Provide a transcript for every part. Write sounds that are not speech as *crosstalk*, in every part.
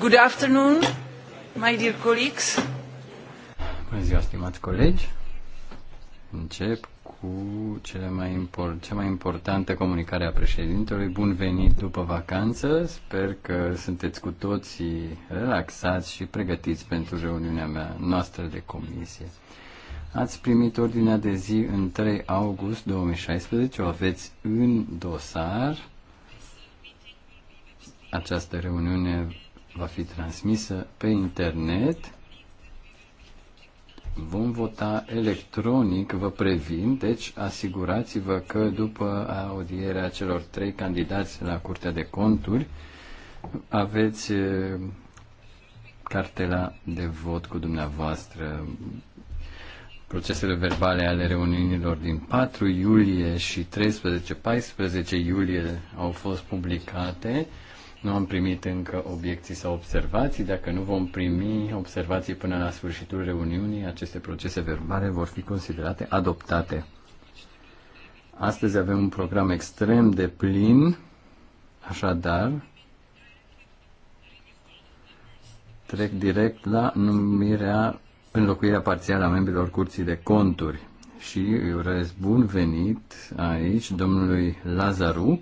Good afternoon, my dear colleagues. Bună ziua, stimați colegi. Încep cu cele mai import, cea mai importantă comunicare a președintelui. Bun venit după vacanță. Sper că sunteți cu toții relaxați și pregătiți pentru reuniunea mea noastră de comisie. Ați primit ordinea de zi în 3 august 2016, o aveți în dosar. Această reuniune va fi transmisă pe internet. Vom vota electronic, vă previn, deci asigurați-vă că după audierea celor trei candidați la Curtea de Conturi aveți eh, cartela de vot cu dumneavoastră. Procesele verbale ale reuniunilor din 4 iulie și 13-14 iulie au fost publicate. Nu am primit încă obiecții sau observații. Dacă nu vom primi observații până la sfârșitul reuniunii, aceste procese verbale vor fi considerate adoptate. Astăzi avem un program extrem de plin, așadar trec direct la numirea, înlocuirea parțială a membrilor Curții de Conturi și îi urez bun venit aici domnului Lazaru,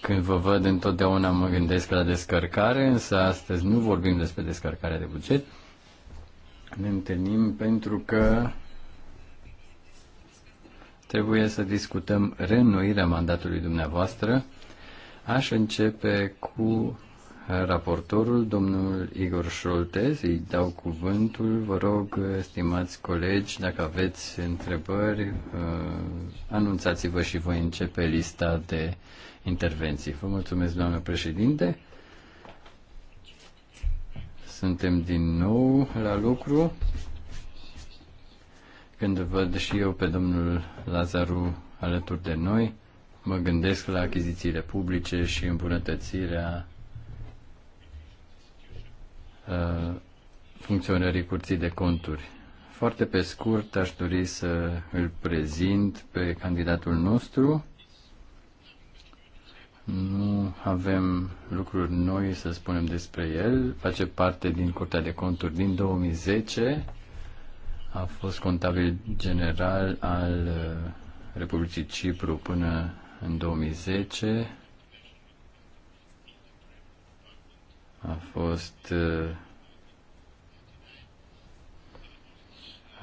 când vă văd întotdeauna mă gândesc la descărcare, însă astăzi nu vorbim despre descărcarea de buget. Ne întâlnim pentru că trebuie să discutăm reînnoirea mandatului dumneavoastră. Aș începe cu raportorul, domnul Igor Șoltez. Îi dau cuvântul. Vă rog, stimați colegi, dacă aveți întrebări, uh, anunțați-vă și voi începe lista de intervenții. Vă mulțumesc, doamnă președinte. Suntem din nou la lucru. Când văd și eu pe domnul Lazaru alături de noi, mă gândesc la achizițiile publice și îmbunătățirea uh, funcționării curții de conturi. Foarte pe scurt aș dori să îl prezint pe candidatul nostru. Nu avem lucruri noi să spunem despre el. Face parte din Curtea de Conturi din 2010. A fost contabil general al uh, Republicii Cipru până în 2010. A fost uh,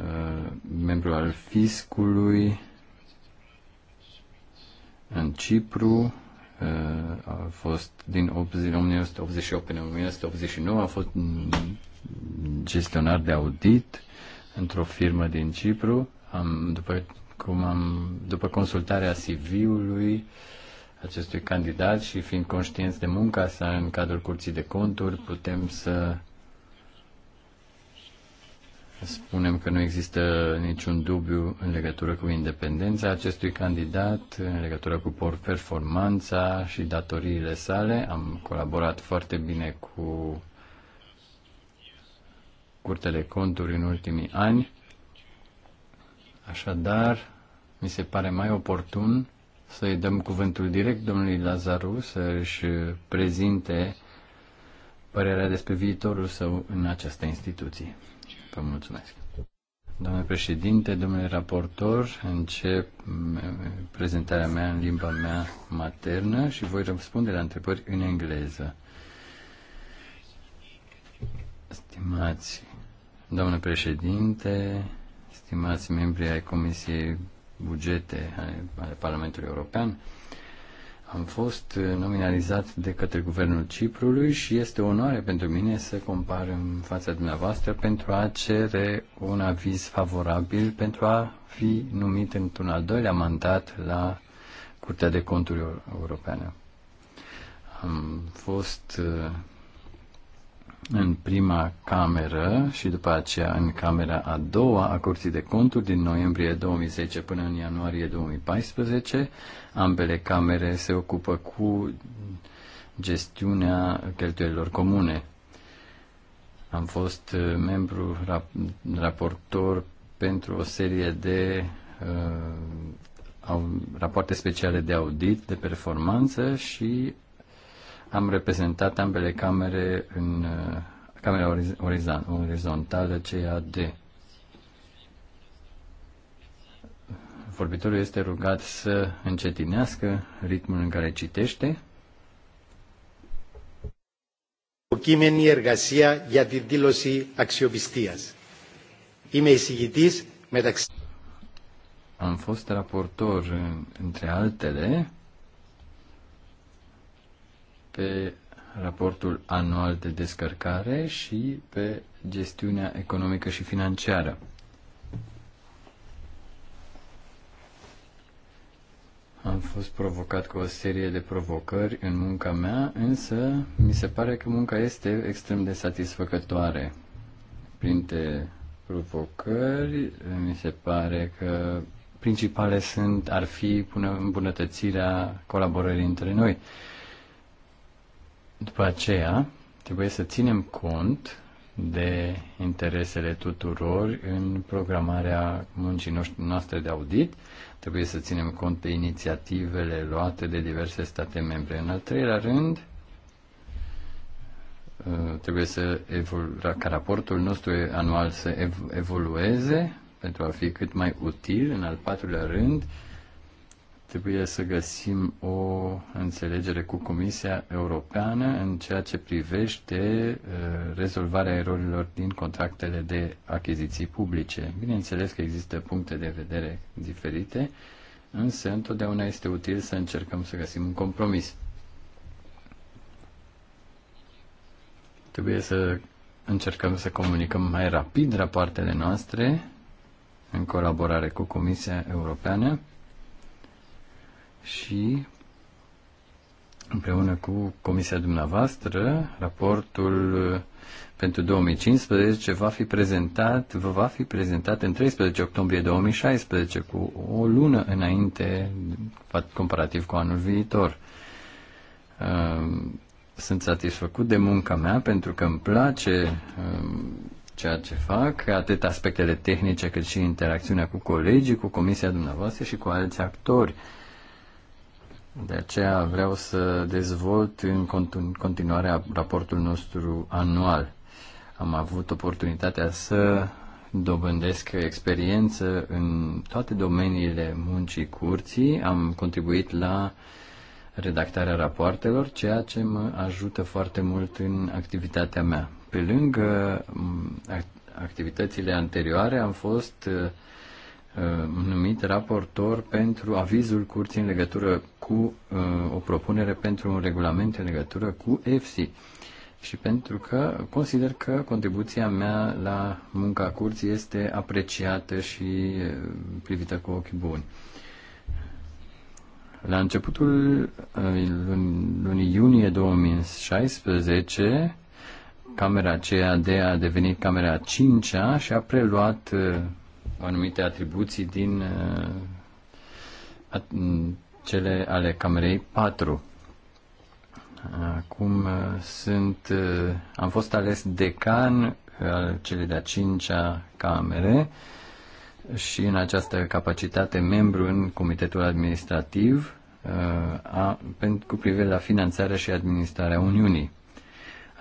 uh, membru al fiscului în Cipru Uh, a fost din 1988 până în 1989, a fost gestionar de audit într-o firmă din Cipru. Am, după, cum am, după consultarea CV-ului acestui candidat și fiind conștienți de munca sa în cadrul curții de conturi, putem să spunem că nu există niciun dubiu în legătură cu independența acestui candidat, în legătură cu performanța și datoriile sale. Am colaborat foarte bine cu curtele conturi în ultimii ani. Așadar, mi se pare mai oportun să-i dăm cuvântul direct domnului Lazaru să își prezinte părerea despre viitorul său în această instituție. Vă mulțumesc. Domnule președinte, domnule raportor, încep mm, prezentarea mea în limba mea maternă și voi răspunde la întrebări în engleză. Stimați domnule președinte, stimați membri ai Comisiei Bugete ale Parlamentului European, am fost nominalizat de către Guvernul Ciprului și este o onoare pentru mine să compar în fața dumneavoastră pentru a cere un aviz favorabil pentru a fi numit într-un al doilea mandat la Curtea de Conturi Europeană. Am fost în prima cameră și după aceea în camera a doua a Curții de Conturi din noiembrie 2010 până în ianuarie 2014. Ambele camere se ocupă cu gestiunea cheltuielilor comune. Am fost uh, membru rap- raportor pentru o serie de uh, au, rapoarte speciale de audit, de performanță și am reprezentat ambele camere în uh, camera orizontală, de Vorbitorul este rugat să încetinească ritmul în care citește. Υποκείμενη εργασία για τη δήλωση αξιοπιστίας. Είμαι εισηγητής μεταξύ... Am fost raportor, între altele, pe raportul anual de descărcare și pe gestiunea economică și financiară. Am fost provocat cu o serie de provocări în munca mea, însă mi se pare că munca este extrem de satisfăcătoare. Printre provocări, mi se pare că principale sunt, ar fi îmbunătățirea colaborării între noi. După aceea, trebuie să ținem cont de interesele tuturor în programarea muncii noastre de audit. Trebuie să ținem cont de inițiativele luate de diverse state membre. În al treilea rând, uh, trebuie să evolu- ca raportul nostru anual să evolueze pentru a fi cât mai util. În al patrulea rând, Trebuie să găsim o înțelegere cu Comisia Europeană în ceea ce privește uh, rezolvarea erorilor din contractele de achiziții publice. Bineînțeles că există puncte de vedere diferite, însă întotdeauna este util să încercăm să găsim un compromis. Trebuie să încercăm să comunicăm mai rapid rapoartele noastre în colaborare cu Comisia Europeană și împreună cu comisia dumneavoastră, raportul pentru 2015 va fi prezentat, vă va fi prezentat în 13 octombrie 2016, cu o lună înainte, comparativ cu anul viitor. Sunt satisfăcut de munca mea pentru că îmi place ceea ce fac, atât aspectele tehnice cât și interacțiunea cu colegii, cu comisia dumneavoastră și cu alți actori. De aceea vreau să dezvolt în continuare raportul nostru anual. Am avut oportunitatea să dobândesc experiență în toate domeniile muncii curții, am contribuit la redactarea rapoartelor, ceea ce mă ajută foarte mult în activitatea mea. Pe lângă activitățile anterioare am fost Uh, numit raportor pentru avizul curții în legătură cu uh, o propunere pentru un regulament în legătură cu EFSI și pentru că consider că contribuția mea la munca curții este apreciată și uh, privită cu ochi buni. La începutul lunii iunie 2016, camera aceea de a devenit camera 5-a și a preluat anumite atribuții din uh, cele ale Camerei 4. Acum uh, sunt, uh, am fost ales decan al celei de-a cincea camere și în această capacitate membru în Comitetul Administrativ a, pentru, cu privire la finanțarea și administrarea Uniunii.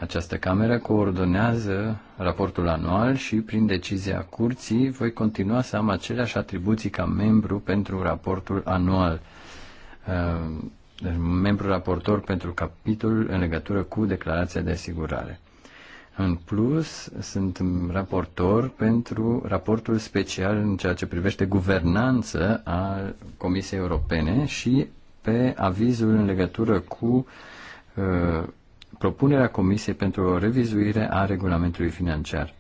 Această cameră coordonează raportul anual și, prin decizia curții, voi continua să am aceleași atribuții ca membru pentru raportul anual. Uh, deci, membru raportor pentru capitol în legătură cu declarația de asigurare. În plus, sunt raportor pentru raportul special în ceea ce privește guvernanță a Comisiei Europene și pe avizul în legătură cu uh, propunerea Comisiei pentru o revizuire a regulamentului financiar.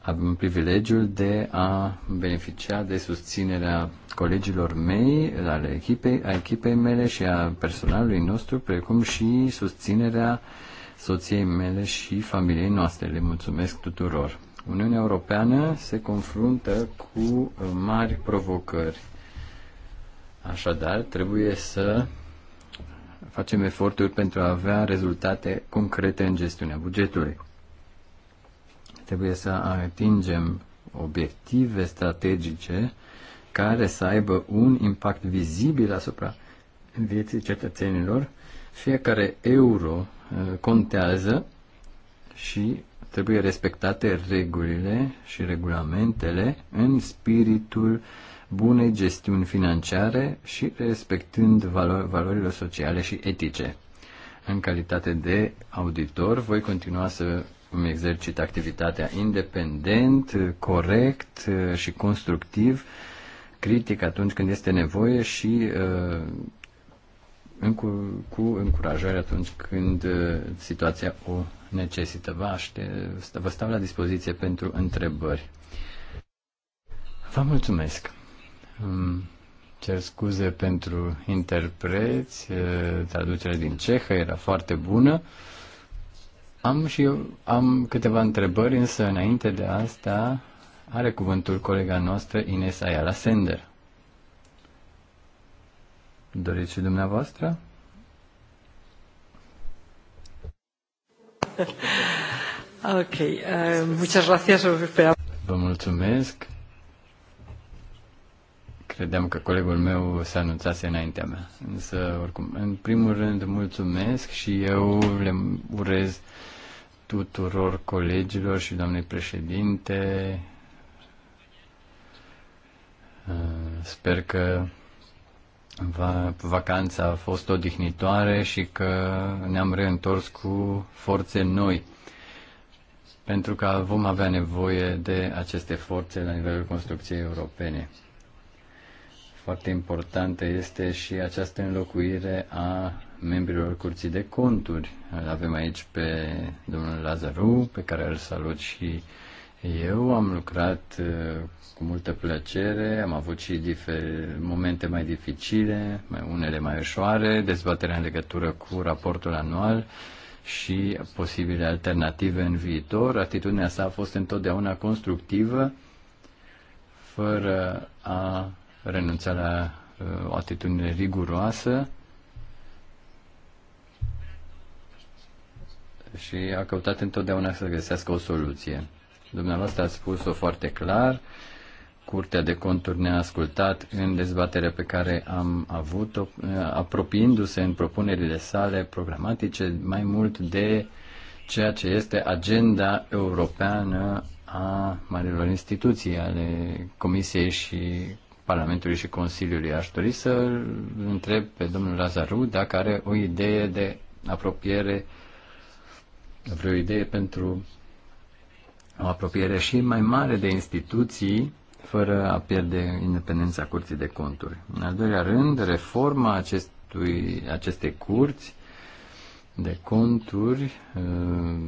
Avem privilegiul de a beneficia de susținerea colegilor mei, ale echipei, a echipei mele și a personalului nostru, precum și susținerea soției mele și familiei noastre. Le mulțumesc tuturor. Uniunea Europeană se confruntă cu mari provocări. Așadar, trebuie să facem eforturi pentru a avea rezultate concrete în gestiunea bugetului. Trebuie să atingem obiective strategice care să aibă un impact vizibil asupra vieții cetățenilor. Fiecare euro uh, contează și trebuie respectate regulile și regulamentele în spiritul uh, bunei gestiuni financiare și respectând valo- valorile sociale și etice. În calitate de auditor, voi continua să îmi exercit activitatea independent, corect uh, și constructiv, critic atunci când este nevoie și uh, cu încurajare atunci când uh, situația o necesită. Vă, aște, vă stau la dispoziție pentru întrebări. Vă mulțumesc! cer scuze pentru interpreți, traducerea din cehă era foarte bună. Am și eu am câteva întrebări, însă înainte de asta are cuvântul colega noastră Ines Ayala Sender. Doriți și dumneavoastră? ok, uh, muchas gracias. Vă mulțumesc. Credeam că colegul meu se anunțase înaintea mea. Însă, oricum, în primul rând, mulțumesc și eu le urez tuturor colegilor și doamnei președinte. Uh, sper că vacanța a fost odihnitoare și că ne-am reîntors cu forțe noi pentru că vom avea nevoie de aceste forțe la nivelul construcției europene. Foarte importantă este și această înlocuire a membrilor Curții de Conturi. Îl avem aici pe domnul Lazaru, pe care îl salut și eu. Am lucrat uh, cu multă plăcere, am avut și momente mai dificile, unele mai ușoare, dezbaterea în legătură cu raportul anual și posibile alternative în viitor. Atitudinea sa a fost întotdeauna constructivă, fără a renunța la uh, o atitudine riguroasă și a căutat întotdeauna să găsească o soluție. Dumneavoastră a spus-o foarte clar, Curtea de Conturi ne-a ascultat în dezbaterea pe care am avut-o, uh, apropiindu-se în propunerile sale programatice mai mult de ceea ce este agenda europeană a marilor instituții ale Comisiei și Parlamentului și Consiliului. Aș dori să întreb pe domnul Lazaru dacă are o idee de apropiere, vreo idee pentru o apropiere și mai mare de instituții fără a pierde independența curții de conturi. În al doilea rând, reforma acestui, acestei curți de conturi uh,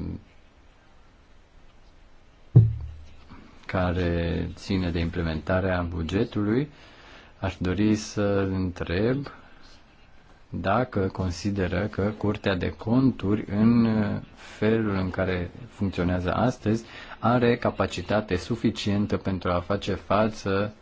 care ține de implementarea bugetului, aș dori să întreb dacă consideră că Curtea de Conturi, în felul în care funcționează astăzi, are capacitate suficientă pentru a face față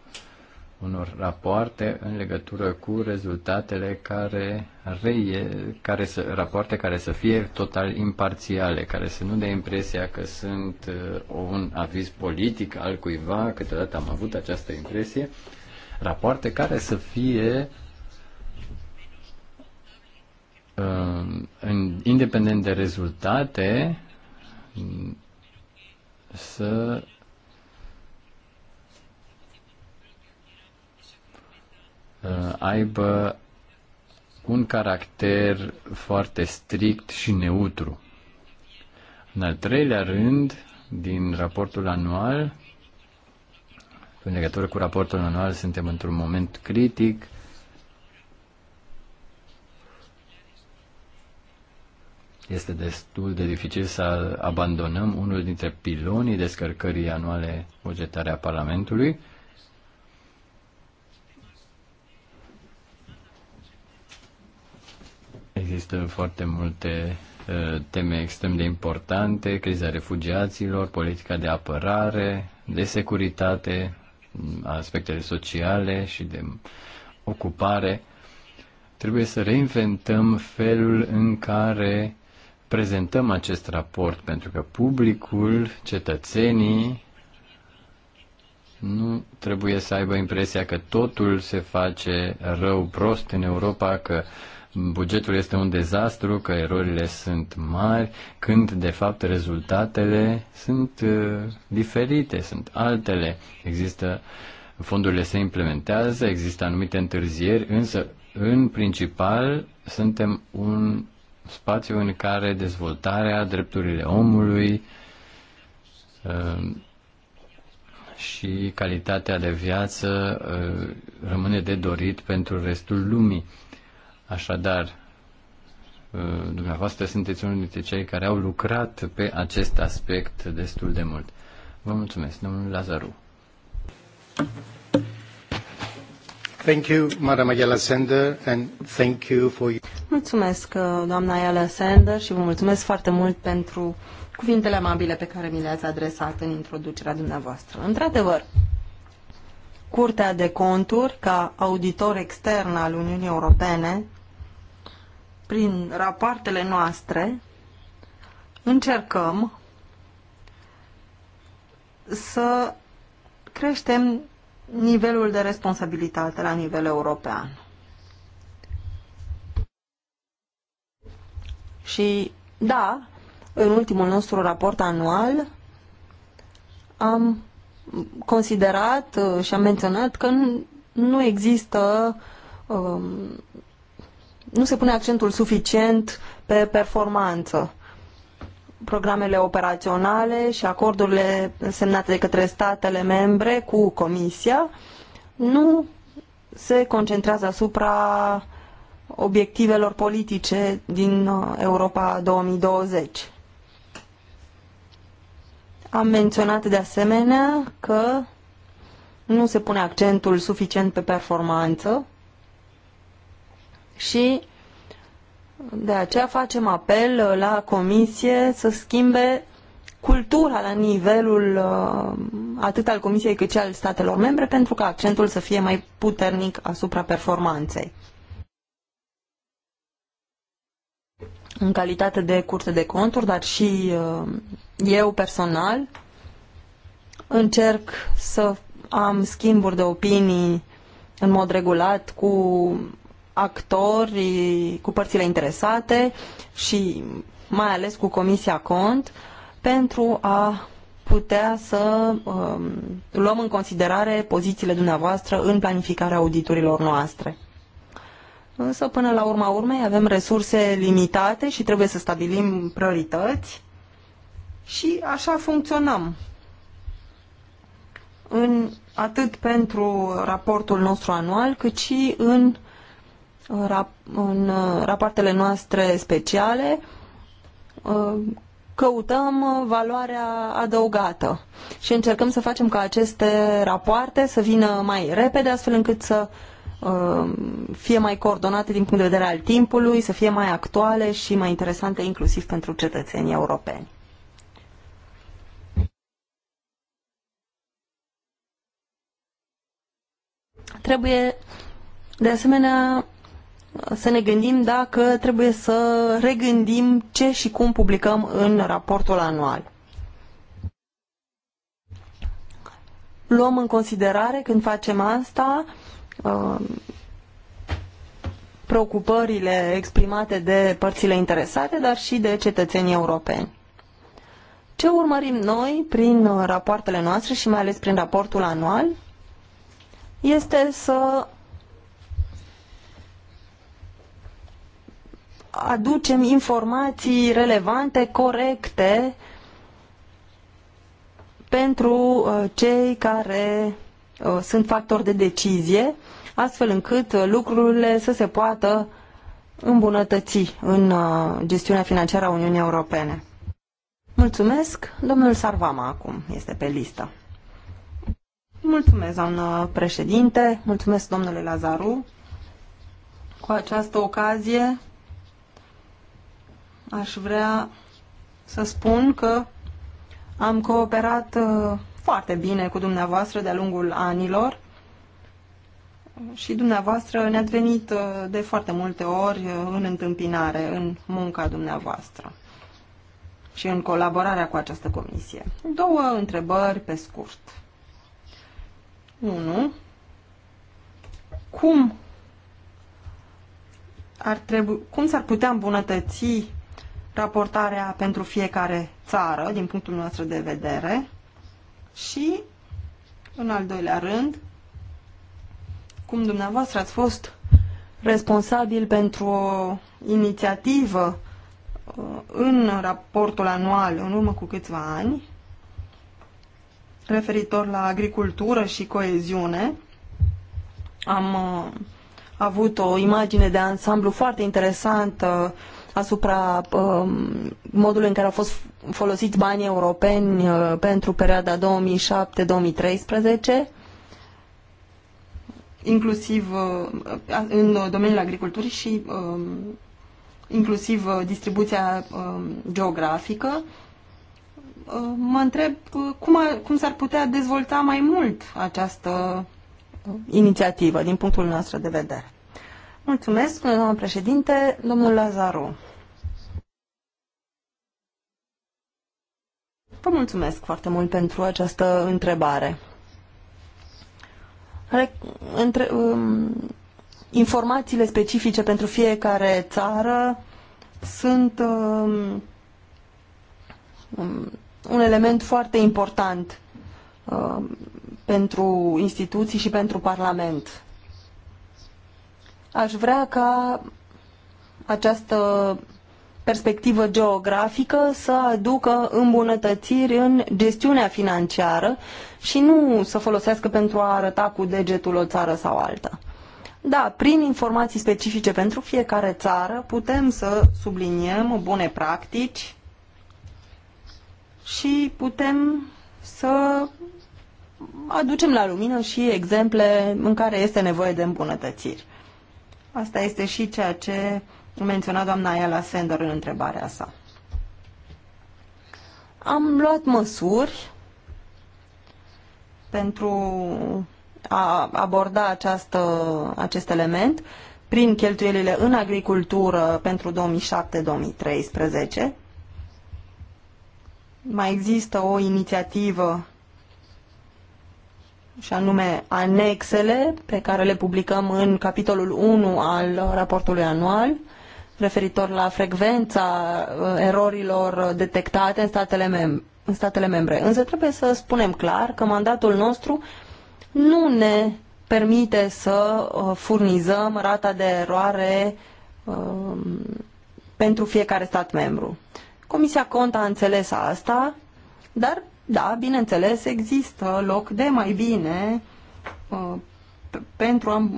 unor rapoarte în legătură cu rezultatele care, reie, care să, rapoarte care să fie total imparțiale, care să nu dea impresia că sunt uh, un aviz politic al cuiva, câteodată am avut această impresie, rapoarte care să fie uh, independent de rezultate, să Uh, aibă un caracter foarte strict și neutru. În al treilea rând, din raportul anual, în legătură cu raportul anual, suntem într-un moment critic. Este destul de dificil să abandonăm unul dintre pilonii descărcării anuale bugetare a Parlamentului. Există foarte multe uh, teme extrem de importante, criza refugiaților, politica de apărare, de securitate, aspectele sociale și de ocupare. Trebuie să reinventăm felul în care prezentăm acest raport, pentru că publicul, cetățenii, nu trebuie să aibă impresia că totul se face rău, prost în Europa, că uh, bugetul este un dezastru, că erorile sunt mari, când de fapt rezultatele sunt uh, diferite, sunt altele. Există fondurile se implementează, există anumite întârzieri, însă în principal suntem un spațiu în care dezvoltarea, drepturile omului uh, și calitatea de viață uh, rămâne de dorit pentru restul lumii. Așadar, uh, dumneavoastră sunteți unul dintre cei care au lucrat pe acest aspect destul de mult. Vă mulțumesc, domnul Lazaru. Thank you, Madam Ayala Sender, and thank you for Mulțumesc, uh, doamna Ayala Sender, și vă mulțumesc foarte mult pentru cuvintele amabile pe care mi le-ați adresat în introducerea dumneavoastră. Într-adevăr, Curtea de Conturi, ca auditor extern al Uniunii Europene, prin rapoartele noastre, încercăm să creștem nivelul de responsabilitate la nivel european. Și da, în ultimul nostru raport anual am considerat uh, și am menționat că nu există um, nu se pune accentul suficient pe performanță. Programele operaționale și acordurile semnate de către statele membre cu Comisia nu se concentrează asupra obiectivelor politice din uh, Europa 2020. Am menționat de asemenea că nu se pune accentul suficient pe performanță și de aceea facem apel la comisie să schimbe cultura la nivelul uh, atât al comisiei cât și al statelor membre pentru ca accentul să fie mai puternic asupra performanței. În calitate de curte de conturi, dar și uh, eu personal încerc să am schimburi de opinii în mod regulat cu actori, cu părțile interesate și mai ales cu Comisia Cont pentru a putea să um, luăm în considerare pozițiile dumneavoastră în planificarea auditurilor noastre. Însă, până la urma urmei, avem resurse limitate și trebuie să stabilim priorități și așa funcționăm. În, atât pentru raportul nostru anual, cât și în, uh, rap, în uh, rapoartele noastre speciale uh, căutăm valoarea adăugată și încercăm să facem ca aceste rapoarte să vină mai repede, astfel încât să fie mai coordonate din punct de vedere al timpului, să fie mai actuale și mai interesante inclusiv pentru cetățenii europeni. Trebuie, de asemenea, să ne gândim dacă trebuie să regândim ce și cum publicăm în raportul anual. Luăm în considerare când facem asta uh, preocupările exprimate de părțile interesate, dar și de cetățenii europeni. Ce urmărim noi prin uh, rapoartele noastre și mai ales prin raportul anual? este să aducem informații relevante, corecte pentru uh, cei care uh, sunt factori de decizie, astfel încât uh, lucrurile să se poată îmbunătăți în gestiunea financiară a Uniunii Europene. Mulțumesc. Domnul Sarvama acum este pe listă. Mulțumesc, doamnă președinte, mulțumesc, domnule Lazaru. Cu această ocazie aș vrea să spun că am cooperat uh, foarte bine cu dumneavoastră de-a lungul anilor și dumneavoastră ne-ați venit uh, de foarte multe ori uh, în întâmpinare, în munca dumneavoastră și în colaborarea cu această comisie. Două întrebări pe scurt. 1. Cum ar trebui, cum s-ar putea îmbunătăți raportarea pentru fiecare țară, din punctul nostru de vedere, și, în al doilea rând, cum dumneavoastră ați fost responsabil pentru o inițiativă uh, în raportul anual în urmă cu câțiva ani, referitor la agricultură și coeziune. Am uh, avut o imagine de ansamblu foarte interesantă uh, asupra um, modului în care au fost folosiți banii europeni uh, pentru perioada 2007-2013 inclusiv uh, în domeniul agriculturii și um, inclusiv uh, distribuția um, geografică. Uh, mă întreb uh, cum, cum s-ar putea dezvolta mai mult această uh, inițiativă din punctul nostru de vedere. Mulțumesc, doamna președinte, domnul Lazaru. Vă mulțumesc foarte mult pentru această întrebare. Între, um, informațiile specifice pentru fiecare țară sunt um, um un element foarte important uh, pentru instituții și pentru Parlament. Aș vrea ca această perspectivă geografică să aducă îmbunătățiri în gestiunea financiară și nu să folosească pentru a arăta cu degetul o țară sau alta. Da, prin informații specifice pentru fiecare țară putem să subliniem bune practici și putem să aducem la lumină și exemple în care este nevoie de îmbunătățiri. Asta este și ceea ce menționa doamna Ayala Sender în întrebarea sa. Am luat măsuri pentru a aborda această, acest element prin cheltuielile în agricultură pentru 2007-2013, mai există o inițiativă și anume anexele pe care le publicăm în capitolul 1 al raportului anual referitor la frecvența uh, erorilor detectate în statele, mem- în statele membre. Însă trebuie să spunem clar că mandatul nostru nu ne permite să uh, furnizăm rata de eroare uh, pentru fiecare stat membru. Comisia Cont a înțeles asta, dar, da, bineînțeles, există loc de mai bine uh, pentru a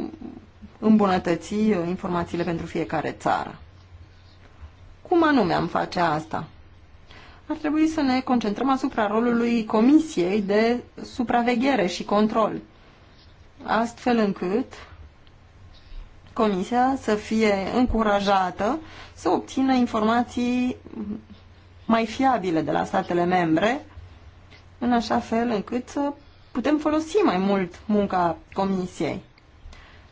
îmbunătăți uh, informațiile pentru fiecare țară. Cum anume am face asta? Ar trebui să ne concentrăm asupra rolului Comisiei de supraveghere și control, astfel încât Comisia să fie încurajată să obțină informații mai fiabile de la statele membre, în așa fel încât să putem folosi mai mult munca Comisiei.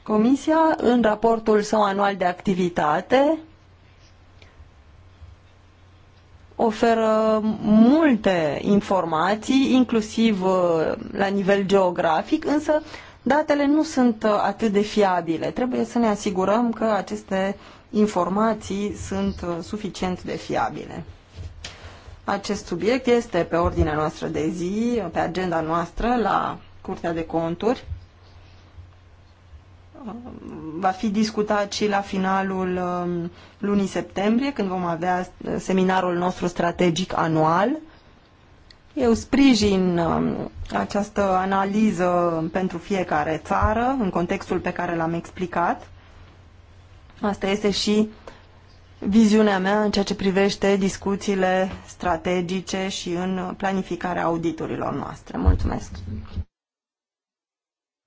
Comisia, în raportul său anual de activitate, oferă multe informații, inclusiv uh, la nivel geografic, însă datele nu sunt uh, atât de fiabile. Trebuie să ne asigurăm că aceste informații sunt uh, suficient de fiabile. Acest subiect este pe ordinea noastră de zi, pe agenda noastră la Curtea de Conturi. Va fi discutat și la finalul um, lunii septembrie, când vom avea uh, seminarul nostru strategic anual. Eu sprijin um, această analiză pentru fiecare țară, în contextul pe care l-am explicat. Asta este și viziunea mea în ceea ce privește discuțiile strategice și în planificarea auditorilor noastre. Mulțumesc!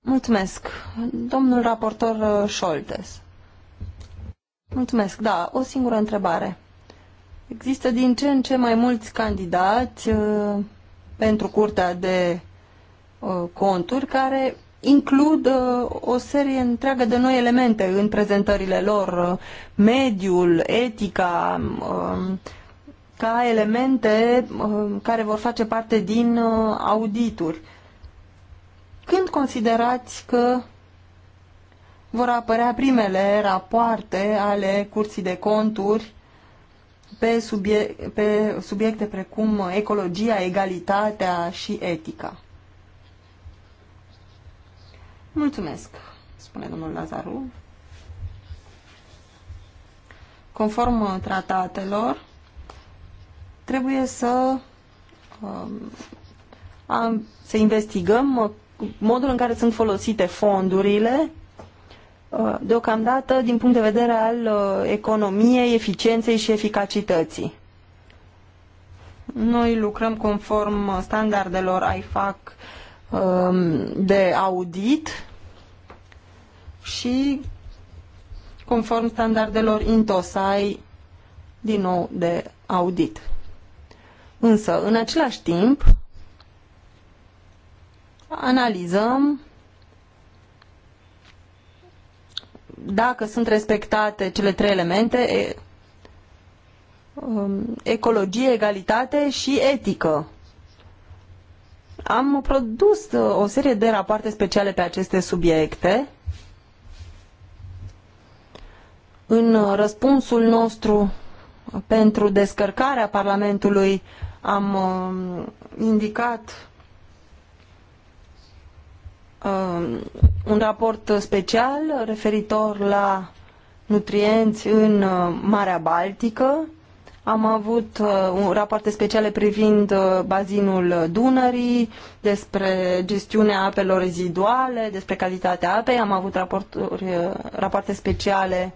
Mulțumesc! Domnul raportor uh, Scholtes. Mulțumesc, da, o singură întrebare. Există din ce în ce mai mulți candidați uh, pentru curtea de uh, conturi care includ uh, o serie întreagă de noi elemente în prezentările lor, uh, mediul, etica, um, ca elemente um, care vor face parte din uh, audituri. Când considerați că vor apărea primele rapoarte ale curții de conturi pe, subie pe subiecte precum ecologia, egalitatea și etica? Mulțumesc, spune domnul Lazaru. Conform uh, tratatelor, trebuie să, um, să investigăm uh, modul în care sunt folosite fondurile uh, deocamdată din punct de vedere al economiei, eficienței și eficacității. Noi lucrăm conform standardelor IFAC um, de audit și conform standardelor INTOSAI din nou de audit. Însă, în același timp, analizăm dacă sunt respectate cele trei elemente, um, ecologie, egalitate și etică. Am produs uh, o serie de rapoarte speciale pe aceste subiecte În răspunsul nostru pentru descărcarea Parlamentului am um, indicat um, un raport special referitor la nutrienți în uh, Marea Baltică. Am avut uh, rapoarte speciale privind uh, bazinul Dunării, despre gestiunea apelor reziduale, despre calitatea apei. Am avut raporturi, rapoarte speciale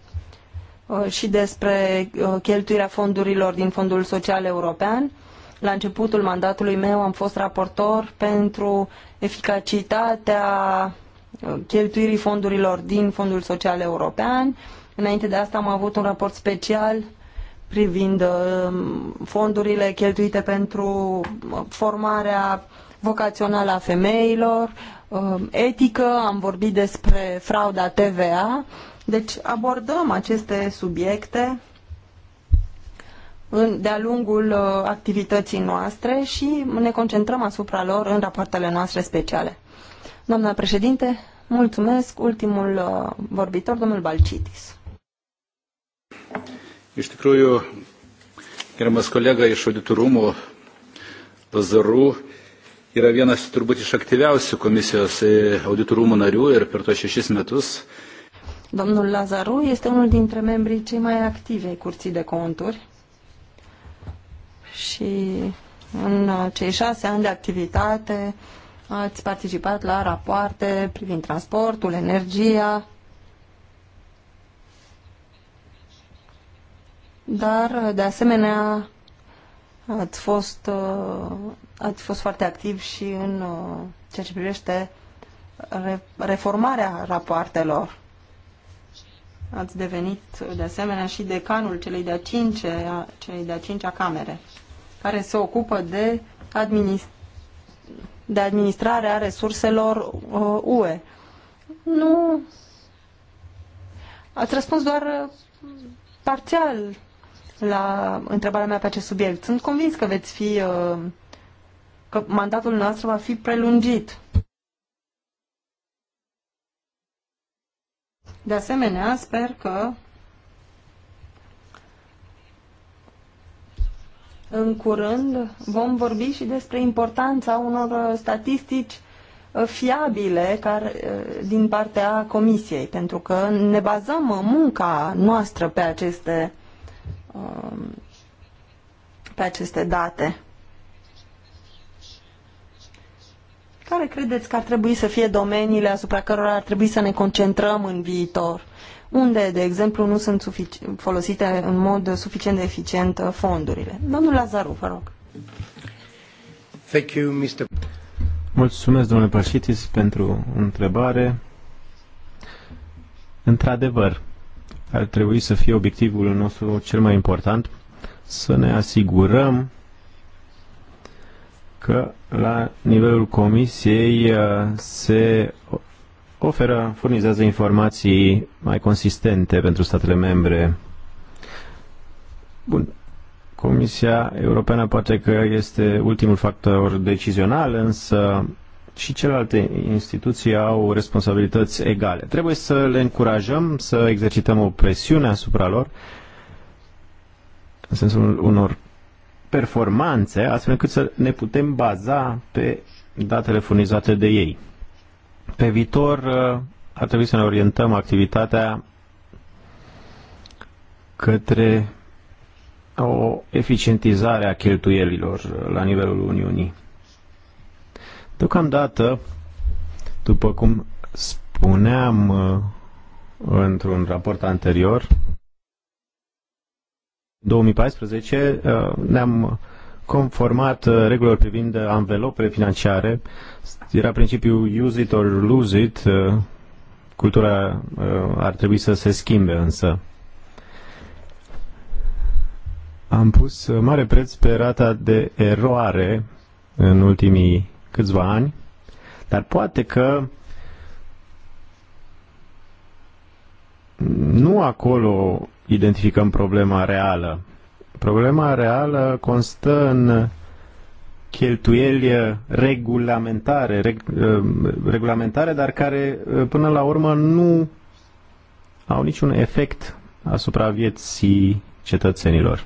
Uh, și despre uh, cheltuirea fondurilor din Fondul Social European. La începutul mandatului meu am fost raportor pentru eficacitatea uh, cheltuirii fondurilor din Fondul Social European. Înainte de asta am avut un raport special privind fondurile cheltuite pentru formarea vocațională a femeilor, etică, am vorbit despre frauda TVA, deci abordăm aceste subiecte de-a lungul uh, activității noastre și ne concentrăm asupra lor în rapoartele noastre speciale. Doamna președinte, mulțumesc. Ultimul uh, vorbitor, domnul Balcitis. Iš tikrųjų, gerbiamas kolega iš auditų rūmų, Lazarų, yra vienas turbūt iš aktyviausių komisijos auditų rūmų narių ir per tos šešis metus Domnul Lazaru este unul dintre membrii cei mai activi ai Curții de Conturi și în cei șase ani de activitate ați participat la rapoarte privind transportul, energia, dar de asemenea ați fost, uh, ați fost foarte activ și în uh, ceea ce privește reformarea rapoartelor. Ați devenit, de asemenea, și decanul celei de-a cincea, celei de-a cincea camere, care se ocupă de, administ- de administrarea resurselor uh, UE. Nu. Ați răspuns doar uh, parțial la întrebarea mea pe acest subiect. Sunt convins că veți fi, uh, că mandatul nostru va fi prelungit. De asemenea, sper că în curând vom vorbi și despre importanța unor statistici uh, fiabile care, uh, din partea Comisiei, pentru că ne bazăm munca noastră pe aceste, uh, pe aceste date. Care credeți că ar trebui să fie domeniile asupra cărora ar trebui să ne concentrăm în viitor? Unde, de exemplu, nu sunt folosite în mod suficient de eficient fondurile? Domnul Lazaru, vă rog. Thank you, Mr. Mulțumesc, domnule Pașitis, pentru întrebare. Într-adevăr, ar trebui să fie obiectivul nostru cel mai important să ne asigurăm că la nivelul comisiei uh, se oferă, furnizează informații mai consistente pentru statele membre. Bun. Comisia Europeană poate că este ultimul factor decizional, însă și celelalte instituții au responsabilități egale. Trebuie să le încurajăm să exercităm o presiune asupra lor în sensul unor performanțe, astfel încât să ne putem baza pe datele furnizate de ei. Pe viitor uh, ar trebui să ne orientăm activitatea către o eficientizare a cheltuielilor la nivelul Uniunii. Deocamdată, după cum spuneam uh, într-un raport anterior, 2014 uh, ne-am conformat uh, regulilor privind anvelopele financiare. Era principiul use it or lose it. Uh, cultura ar trebui să se schimbe însă. Am pus mare preț pe rata de eroare în ultimii câțiva ani, dar poate că nu acolo identificăm problema reală. Problema reală constă în cheltuieli regulamentare, reg, uh, regulamentare, dar care uh, până la urmă nu au niciun efect asupra vieții cetățenilor.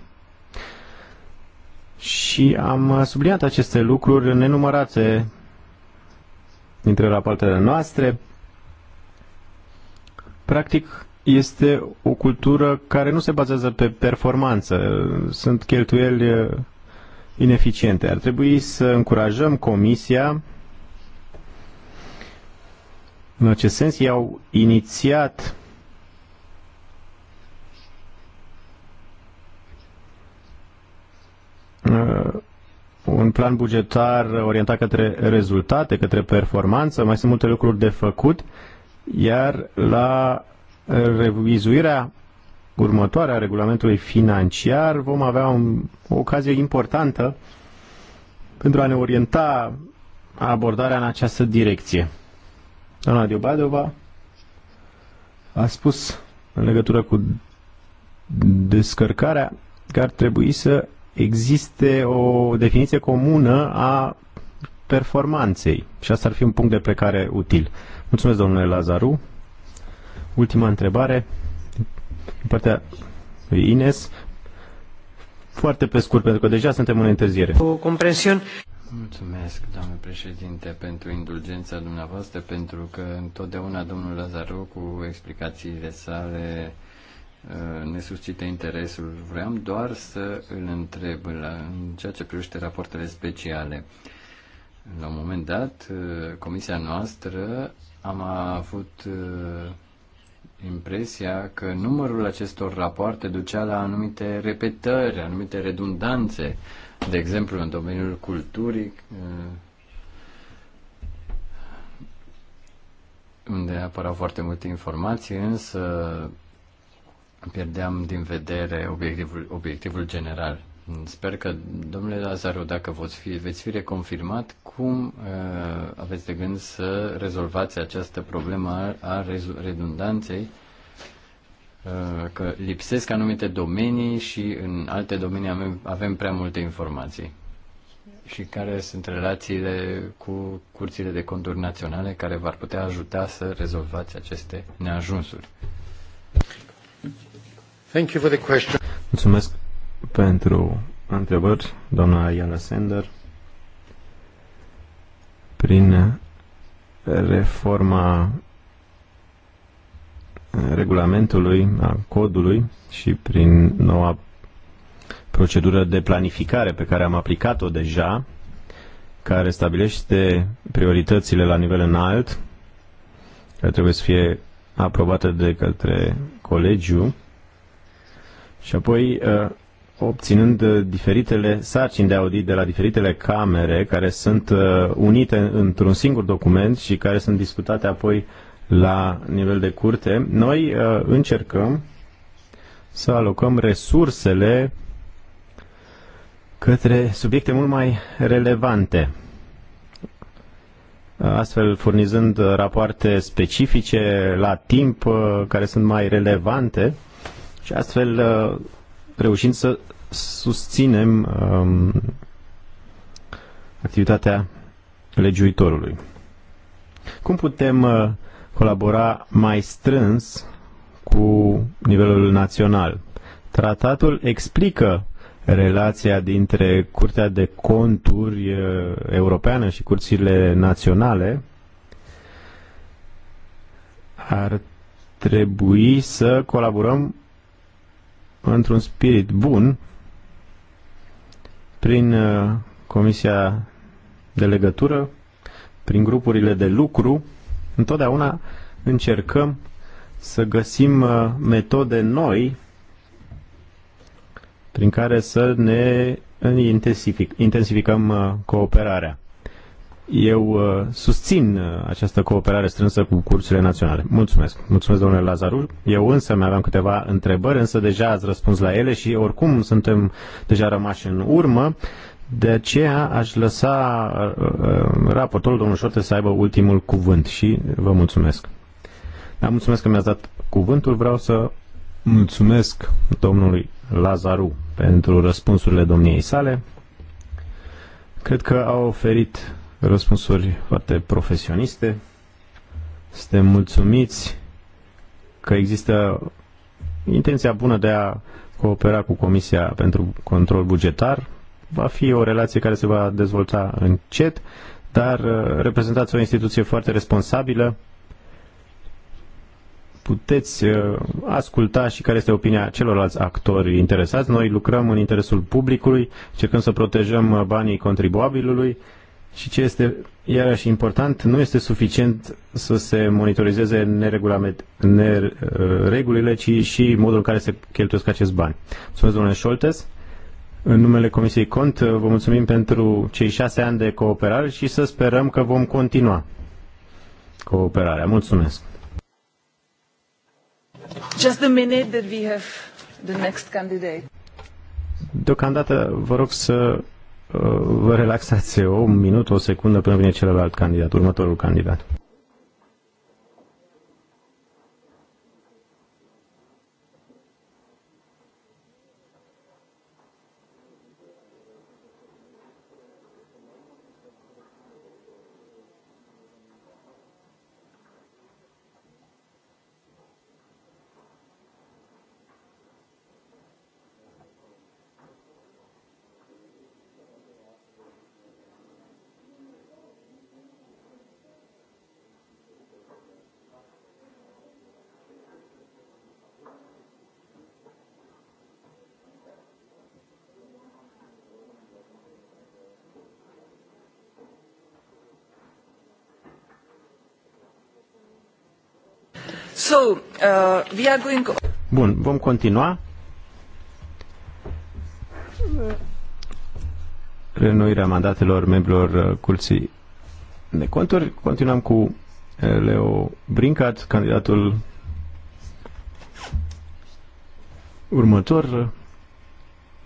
Și am subliniat aceste lucruri nenumărate dintre rapoartele noastre. Practic, este o cultură care nu se bazează pe performanță. Sunt cheltuieli ineficiente. Ar trebui să încurajăm Comisia în acest sens. I-au inițiat un plan bugetar orientat către rezultate, către performanță, mai sunt multe lucruri de făcut, iar la revizuirea următoare a regulamentului financiar vom avea un, o ocazie importantă pentru a ne orienta abordarea în această direcție. Doamna Diobadova a spus în legătură cu descărcarea că ar trebui să existe o definiție comună a performanței și asta ar fi un punct de plecare util. Mulțumesc, domnule Lazaru. Ultima întrebare din partea lui Ines. Foarte pe scurt, pentru că deja suntem în întârziere. O comprensiune. Mulțumesc, doamne președinte, pentru indulgența dumneavoastră, pentru că întotdeauna domnul Lazaru cu explicațiile sale uh, ne suscită interesul. Vreau doar să îl întreb la, în ceea ce privește rapoartele speciale. La un moment dat, uh, comisia noastră am avut uh, impresia că numărul acestor rapoarte ducea la anumite repetări, anumite redundanțe, de exemplu în domeniul culturii, eh, unde apărau foarte multe informații, însă pierdeam din vedere obiectivul, obiectivul general. Sper că, domnule Lazaru, dacă voți fi, veți fi reconfirmat, cum uh, aveți de gând să rezolvați această problemă a, a redundanței, uh, că lipsesc anumite domenii și în alte domenii avem, avem prea multe informații? Și care sunt relațiile cu curțile de conturi naționale care v-ar putea ajuta să rezolvați aceste neajunsuri? Thank you for the question. Mulțumesc pentru întrebări, doamna Iana Sender. Prin reforma regulamentului, a codului și prin noua procedură de planificare pe care am aplicat-o deja, care stabilește prioritățile la nivel înalt, care trebuie să fie aprobată de către colegiu și apoi uh, obținând uh, diferitele sarcini de audit de la diferitele camere care sunt uh, unite într-un singur document și care sunt discutate apoi la nivel de curte, noi uh, încercăm să alocăm resursele către subiecte mult mai relevante astfel furnizând rapoarte specifice la timp care sunt mai relevante și astfel reușim să susținem um, activitatea legiuitorului. Cum putem uh, colabora mai strâns cu nivelul național? Tratatul explică relația dintre Curtea de Conturi uh, Europeană și curțile naționale. Ar trebui să colaborăm într-un spirit bun prin uh, Comisia de Legătură, prin grupurile de lucru. Întotdeauna încercăm să găsim uh, metode noi prin care să ne intensific, intensificăm uh, cooperarea. Eu uh, susțin uh, această cooperare strânsă cu cursurile naționale. Mulțumesc. Mulțumesc, domnule Lazaru. Eu însă mi aveam câteva întrebări, însă deja ați răspuns la ele și oricum suntem deja rămași în urmă. De aceea aș lăsa uh, raportul domnul Șorte să aibă ultimul cuvânt și vă mulțumesc. Da, mulțumesc că mi-ați dat cuvântul. Vreau să mulțumesc domnului Lazaru pentru răspunsurile domniei sale. Cred că au oferit răspunsuri foarte profesioniste. Suntem mulțumiți că există intenția bună de a coopera cu Comisia pentru Control Bugetar. Va fi o relație care se va dezvolta încet, dar uh, reprezentați o instituție foarte responsabilă. Puteți uh, asculta și care este opinia celorlalți actori interesați. Noi lucrăm în interesul publicului, cercăm să protejăm uh, banii contribuabilului și ce este iarăși important, nu este suficient să se monitorizeze neregulile, uh, ci și modul în care se cheltuiesc acești bani. Mulțumesc, domnule Scholtes. În numele Comisiei Cont, uh, vă mulțumim pentru cei șase ani de cooperare și să sperăm că vom continua cooperarea. Mulțumesc. Just a minute that we have the next candidate. Deocamdată vă rog să vă relaxați o minut, o secundă până vine celălalt candidat, următorul candidat. Bun, vom continua. Renuirea mandatelor membrilor uh, Curții de Conturi. Continuăm cu uh, Leo Brincat, candidatul următor.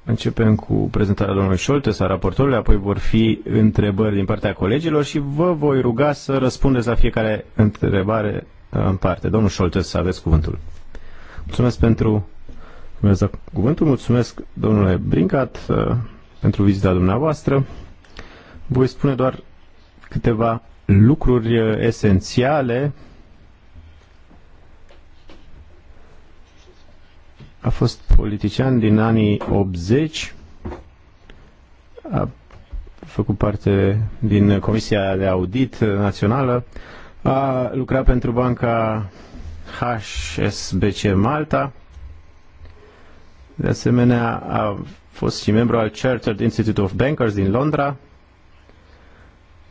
Începem cu prezentarea domnului Șoltes a raportorului, apoi vor fi întrebări din partea colegilor și vă voi ruga să răspundeți la fiecare întrebare în parte. Domnul Șoltes, să aveți cuvântul. Mulțumesc pentru mulțumesc cuvântul. Mulțumesc, domnule Brincat, uh, pentru vizita dumneavoastră. Voi spune doar câteva lucruri uh, esențiale. A fost politician din anii 80, a făcut parte din Comisia de Audit Națională, a lucrat pentru Banca HSBC Malta. De asemenea, a fost și membru al Chartered Institute of Bankers din Londra,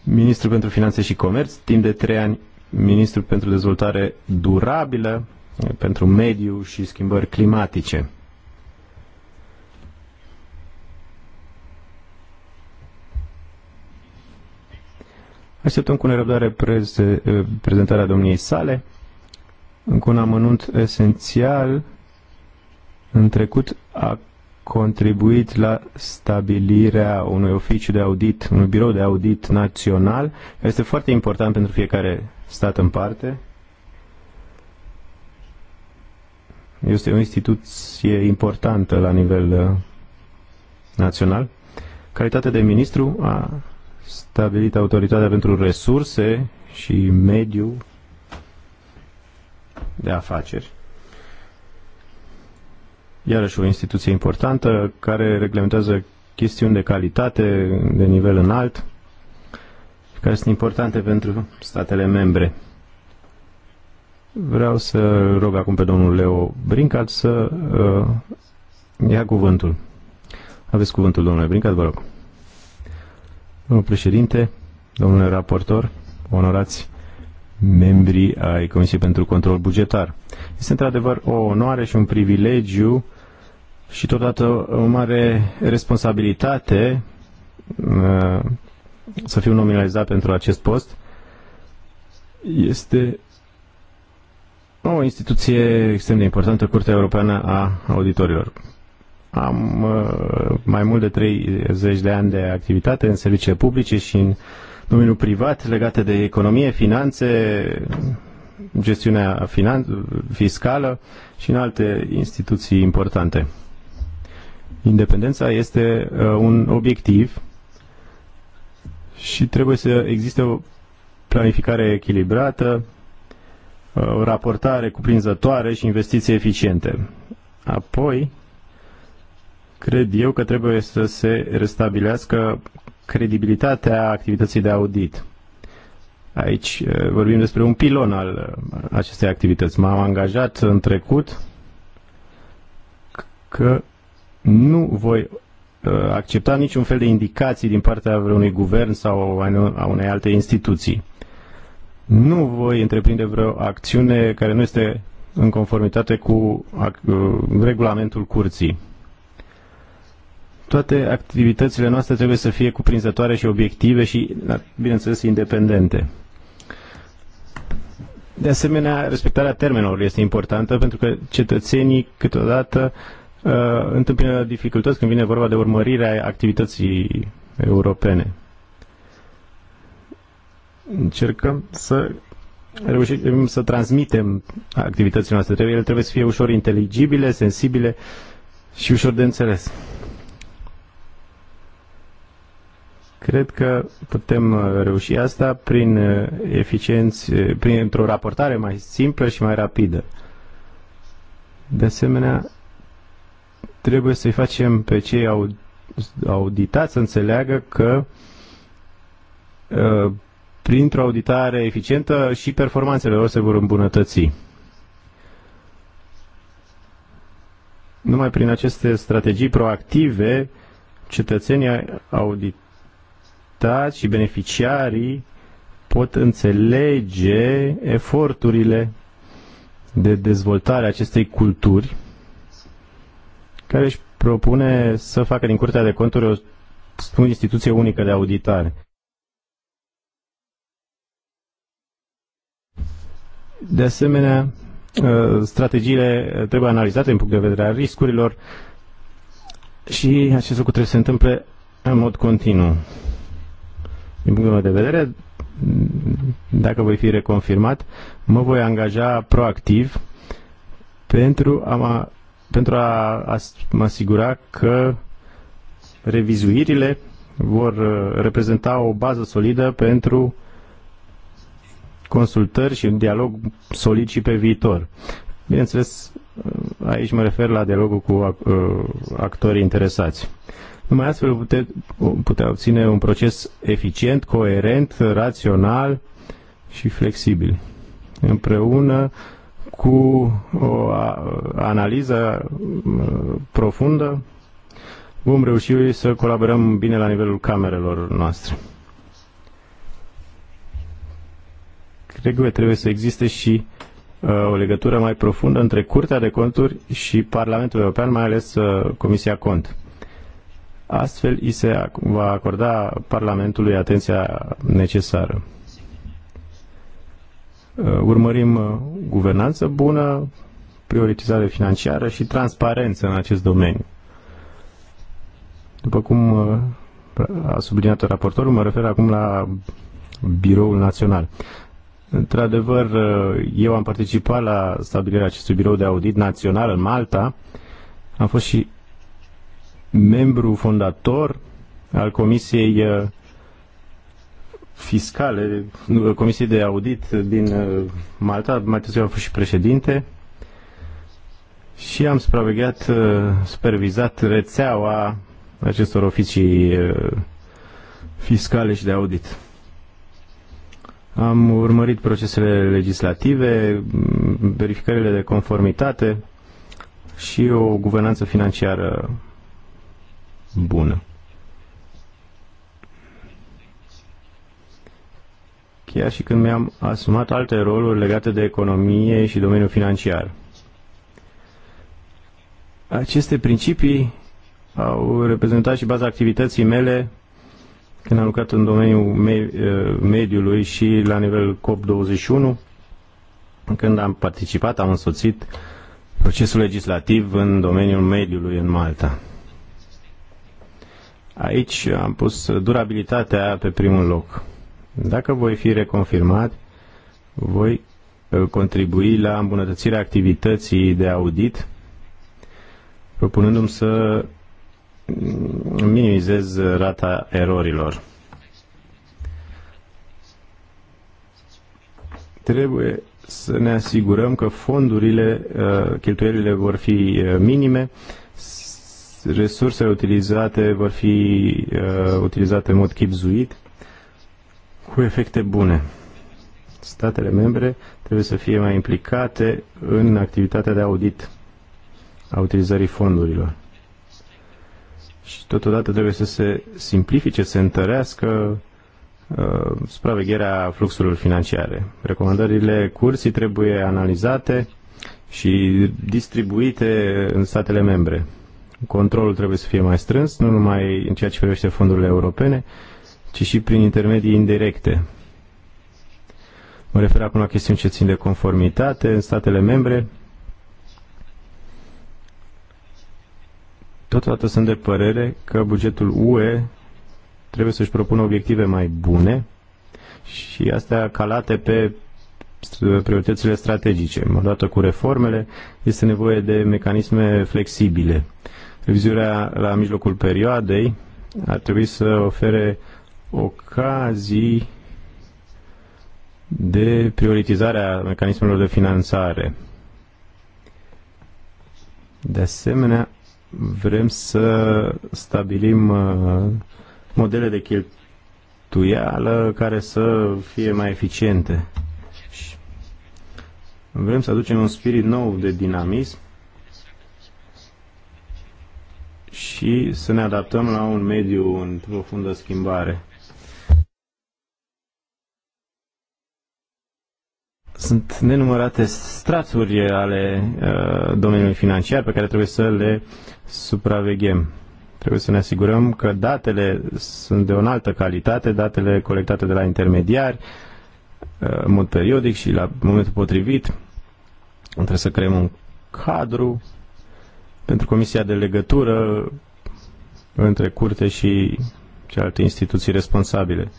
ministru pentru finanțe și comerț, timp de trei ani ministru pentru dezvoltare durabilă, pentru mediu și schimbări climatice. Așteptăm cu nerăbdare prez prezentarea domniei sale încă un amănunt esențial, în trecut a contribuit la stabilirea unui oficiu de audit, unui birou de audit național. Este foarte important pentru fiecare stat în parte. Este o instituție importantă la nivel uh, național. Calitatea de ministru a stabilit autoritatea pentru resurse și mediu de afaceri. Iarăși o instituție importantă care reglementează chestiuni de calitate de nivel înalt, care sunt importante pentru statele membre. Vreau să rog acum pe domnul Leo Brincat să uh, ia cuvântul. Aveți cuvântul, domnule Brincat, vă rog. Domnul președinte, domnule raportor, onorați membri ai Comisiei pentru Control Bugetar. Este într-adevăr o onoare și un privilegiu și totodată o mare responsabilitate uh, să fiu nominalizat pentru acest post. Este o instituție extrem de importantă, Curtea Europeană a Auditorilor. Am uh, mai mult de 30 de ani de activitate în serviciile publice și în uh, domeniul privat legate de economie, finanțe, gestiunea finan- fiscală și în alte instituții importante. Independența este uh, un obiectiv și trebuie să existe o planificare echilibrată, uh, o raportare cuprinzătoare și investiții eficiente. Apoi, cred eu că trebuie să se restabilească credibilitatea activității de audit. Aici eh, vorbim despre un pilon al eh, acestei activități. M-am angajat în trecut că nu voi eh, accepta niciun fel de indicații din partea vreunui guvern sau a unei alte instituții. Nu voi întreprinde vreo acțiune care nu este în conformitate cu regulamentul curții toate activitățile noastre trebuie să fie cuprinzătoare și obiective și, da, bineînțeles, independente. De asemenea, respectarea termenelor este importantă pentru că cetățenii câteodată uh, întâmpină dificultăți când vine vorba de urmărirea activității europene. Încercăm să reușim să transmitem activitățile noastre. Ele trebuie să fie ușor inteligibile, sensibile și ușor de înțeles. Cred că putem uh, reuși asta prin uh, eficienți, uh, printr-o raportare mai simplă și mai rapidă. De asemenea, trebuie să-i facem pe cei auditați să înțeleagă că printr-o auditare eficientă și performanțele lor se vor îmbunătăți. Numai prin aceste strategii proactive, cetățenii auditați afectați și beneficiarii pot înțelege eforturile de dezvoltare a acestei culturi care își propune să facă din Curtea de Conturi o o instituție unică de auditare. De asemenea, ă, strategiile trebuie analizate în punct de vedere a riscurilor și acest lucru trebuie să se întâmple în mod continuu din punctul meu de vedere, dacă voi fi reconfirmat, mă voi angaja proactiv pentru a mă, pentru a, a mă asigura că revizuirile vor uh, reprezenta o bază solidă pentru consultări și un dialog solid și pe viitor. Bineînțeles, uh, aici mă refer la dialogul cu uh, actorii interesați. Numai astfel pute, putea obține un proces eficient, coerent, rațional și flexibil. Împreună cu o analiză uh, profundă vom reuși să colaborăm bine la nivelul camerelor noastre. Cred că trebuie să existe și uh, o legătură mai profundă între Curtea de Conturi și Parlamentul European, mai ales uh, Comisia Cont Astfel îi se va acorda Parlamentului atenția necesară. Uh, urmărim uh, guvernanță bună, prioritizare financiară și transparență în acest domeniu. După cum uh, a subliniat raportorul, mă refer acum la Biroul Național. Într-adevăr, eu am participat la stabilirea acestui birou de audit național în Malta. Am fost și membru fondator al Comisiei uh, Fiscale, uh, Comisiei de Audit din uh, Malta, mai târziu am fost și președinte și am supravegheat, supervizat rețeaua acestor oficii fiscale și de audit. Am urmărit procesele legislative, verificările de conformitate și o guvernanță financiară bună. Chiar și când mi-am asumat alte roluri legate de economie și domeniul financiar. Aceste principii au reprezentat și baza activității mele când am lucrat în domeniul eh, mediului și la nivel COP21, când am participat, am însoțit procesul legislativ în domeniul mediului în Malta. Aici am pus durabilitatea pe primul loc. Dacă voi fi reconfirmat, voi uh, contribui la îmbunătățirea activității de audit, propunându-mi să mm, minimizez rata erorilor. Trebuie să ne asigurăm că fondurile, uh, cheltuielile vor fi uh, minime resursele utilizate vor fi uh, utilizate în mod chipzuit cu efecte bune. Statele membre trebuie să fie mai implicate în activitatea de audit a utilizării fondurilor. Și totodată trebuie să se simplifice, să întărească uh, supravegherea fluxurilor financiare. Recomandările curții trebuie analizate și distribuite în statele membre. Controlul trebuie să fie mai strâns, nu numai în ceea ce privește fondurile europene, ci și prin intermedii indirecte. Mă refer acum la chestiuni ce țin de conformitate în statele membre. Totodată sunt de părere că bugetul UE trebuie să-și propună obiective mai bune și astea calate pe prioritățile strategice. Odată cu reformele, este nevoie de mecanisme flexibile Revizuirea la mijlocul perioadei ar trebui să ofere ocazii de prioritizare a mecanismelor de finanțare. De asemenea, vrem să stabilim uh, modele de cheltuială care să fie mai eficiente. Vrem să aducem un spirit nou de dinamism și să ne adaptăm la un mediu în profundă schimbare. Sunt nenumărate straturi ale uh, domeniului financiar pe care trebuie să le supraveghem. Trebuie să ne asigurăm că datele sunt de o înaltă calitate, datele colectate de la intermediari, uh, în mod periodic și la momentul potrivit. Trebuie să creăm un cadru pentru Comisia de legătură între curte și celelalte instituții responsabile.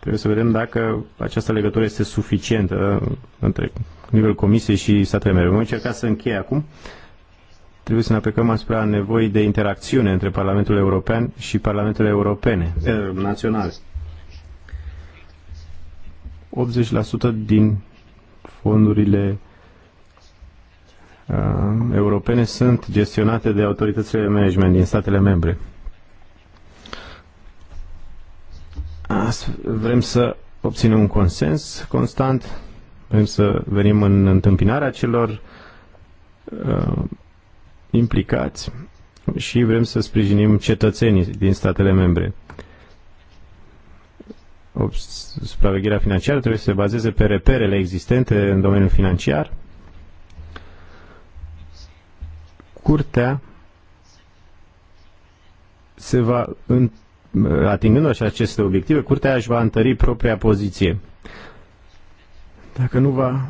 Trebuie să vedem dacă această legătură este suficientă între nivelul Comisiei și statele membre. Vom încerca să încheie acum. Trebuie să ne aplicăm asupra nevoii de interacțiune între Parlamentul European și Parlamentele Europene, eh, naționale. 80% din fondurile Uh, europene sunt gestionate de autoritățile management din statele membre. Vrem să obținem un consens constant, vrem să venim în întâmpinarea celor uh, implicați și vrem să sprijinim cetățenii din statele membre. Supravegherea financiară trebuie să se bazeze pe reperele existente în domeniul financiar curtea se va, atingând și aceste obiective, curtea își va întări propria poziție. Dacă nu va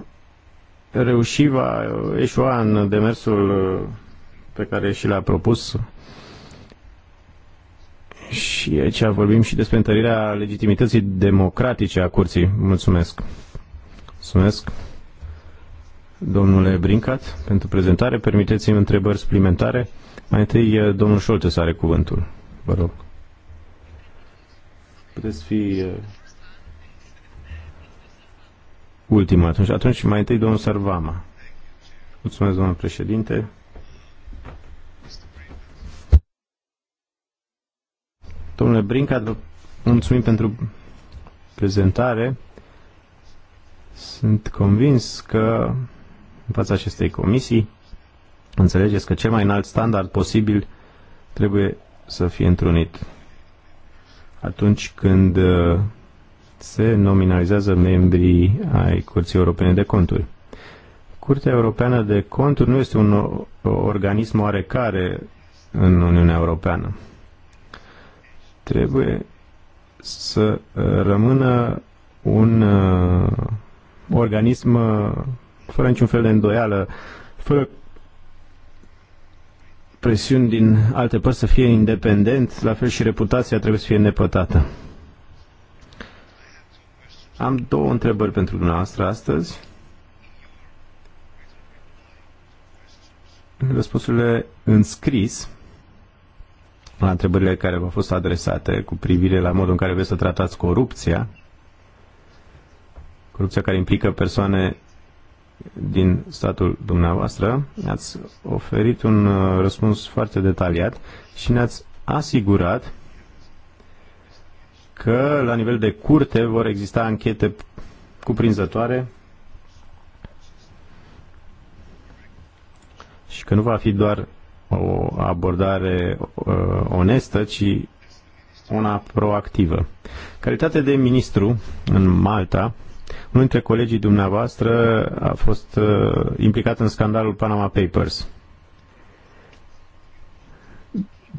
reuși, va eșua în demersul uh, pe care și l-a propus și aici vorbim și despre întărirea legitimității democratice a curții. Mulțumesc. Mulțumesc domnule Brincat, pentru prezentare. Permiteți-mi întrebări suplimentare. Mai întâi, eh, domnul să are cuvântul. Vă rog. Puteți fi eh, ultima atunci. Atunci mai întâi domnul Sarvama. Mulțumesc, domnul președinte. Domnule Brincat, vă mulțumim pentru prezentare. Sunt convins că în fața acestei comisii, înțelegeți că cel mai înalt standard posibil trebuie să fie întrunit atunci când uh, se nominalizează membrii ai Curții Europene de Conturi. Curtea Europeană de Conturi nu este un organism oarecare în Uniunea Europeană. Trebuie să uh, rămână un uh, organism fără niciun fel de îndoială, fără presiuni din alte părți să fie independent, la fel și reputația trebuie să fie nepătată. Am două întrebări pentru dumneavoastră astăzi. Răspunsurile în scris la întrebările care v-au fost adresate cu privire la modul în care veți să tratați corupția, corupția care implică persoane din statul dumneavoastră, ați oferit un uh, răspuns foarte detaliat și ne-ați asigurat că la nivel de curte vor exista anchete cuprinzătoare și că nu va fi doar o abordare uh, onestă, ci una proactivă. Calitate de ministru în Malta, unul dintre colegii dumneavoastră a fost uh, implicat în scandalul Panama Papers.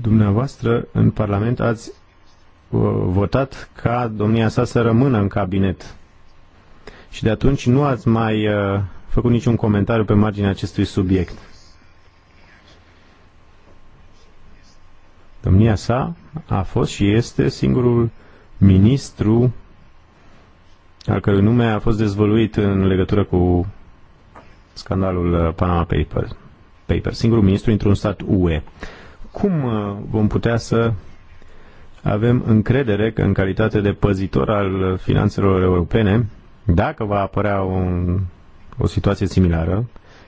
Dumneavoastră, în Parlament, ați uh, votat ca domnia sa să rămână în cabinet. Și de atunci nu ați mai uh, făcut niciun comentariu pe marginea acestui subiect. Domnia sa a fost și este singurul ministru al cărui nume a fost dezvăluit în legătură cu scandalul uh, Panama Papers. Paper, Singurul ministru într-un stat UE. Cum uh, vom putea să avem încredere că în calitate de păzitor al finanțelor europene, dacă va apărea un, o situație similară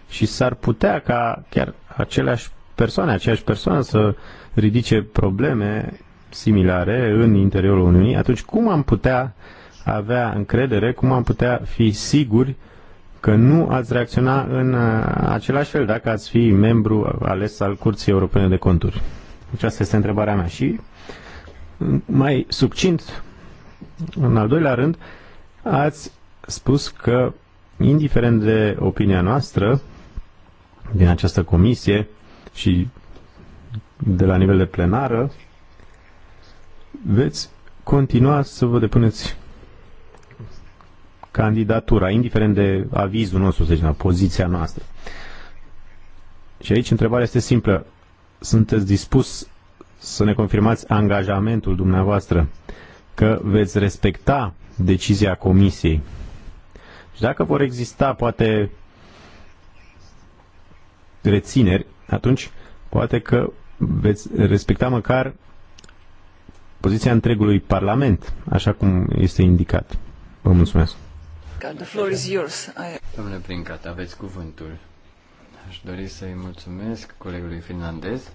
și s-ar putea ca chiar aceleași persoane, aceeași persoană să ridice probleme similare în interiorul Uniunii, atunci cum am putea uh, avea încredere, cum am putea fi siguri că nu ați reacționa în uh, același fel dacă ați fi membru ales al Curții Europene de Conturi? Deci asta este întrebarea mea. Și mai subțint. în al doilea rând, ați spus că, indiferent de opinia noastră din această comisie și de la nivel de plenară, veți continua să vă depuneți candidatura, indiferent de avizul nostru, să zicem, poziția noastră. Și aici întrebarea este simplă. Sunteți dispus să ne confirmați angajamentul dumneavoastră că veți respecta decizia Comisiei? Și dacă vor exista, poate, rețineri, atunci poate că veți respecta măcar poziția întregului Parlament, așa cum este indicat. Vă mulțumesc. Brinca, the floor is yours. I... Domnule Brinca, aveți cuvântul. Aș dori să-i mulțumesc colegului finlandez.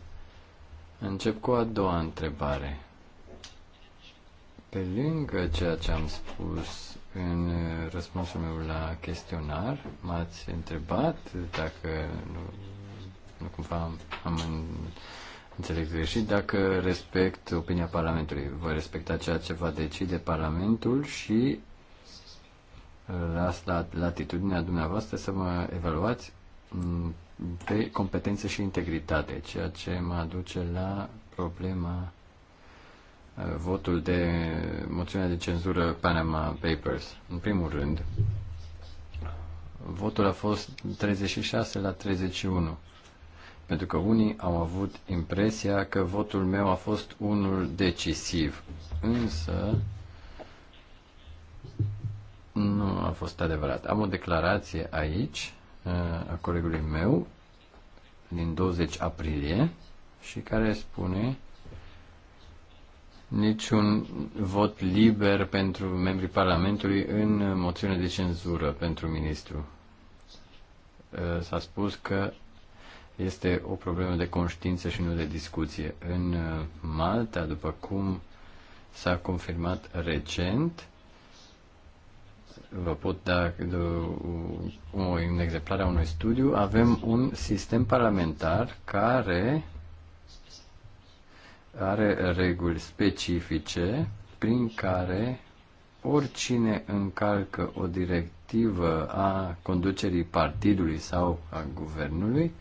Încep cu a doua întrebare. Pe lângă ceea ce am spus în răspunsul meu la chestionar, m-ați întrebat dacă nu, nu cumva am, am în, înțeles greșit, dacă respect opinia Parlamentului. Voi respecta ceea ce va decide Parlamentul și las la latitudinea dumneavoastră să mă evaluați pe competențe și integritate, ceea ce mă aduce la problema uh, votul de moțiunea de cenzură Panama Papers. În primul rând, votul a fost 36 la 31, pentru că unii au avut impresia că votul meu a fost unul decisiv. Însă, fost adevărat. Am o declarație aici uh, a colegului meu din 20 aprilie și care spune niciun vot liber pentru membrii Parlamentului în moțiune de cenzură pentru ministru. Uh, s-a spus că este o problemă de conștiință și nu de discuție. În uh, Malta, după cum s-a confirmat recent, vă pot da un exemplar a unui studiu, avem un sistem parlamentar care are reguli specifice prin care oricine încalcă o directivă a conducerii partidului sau a guvernului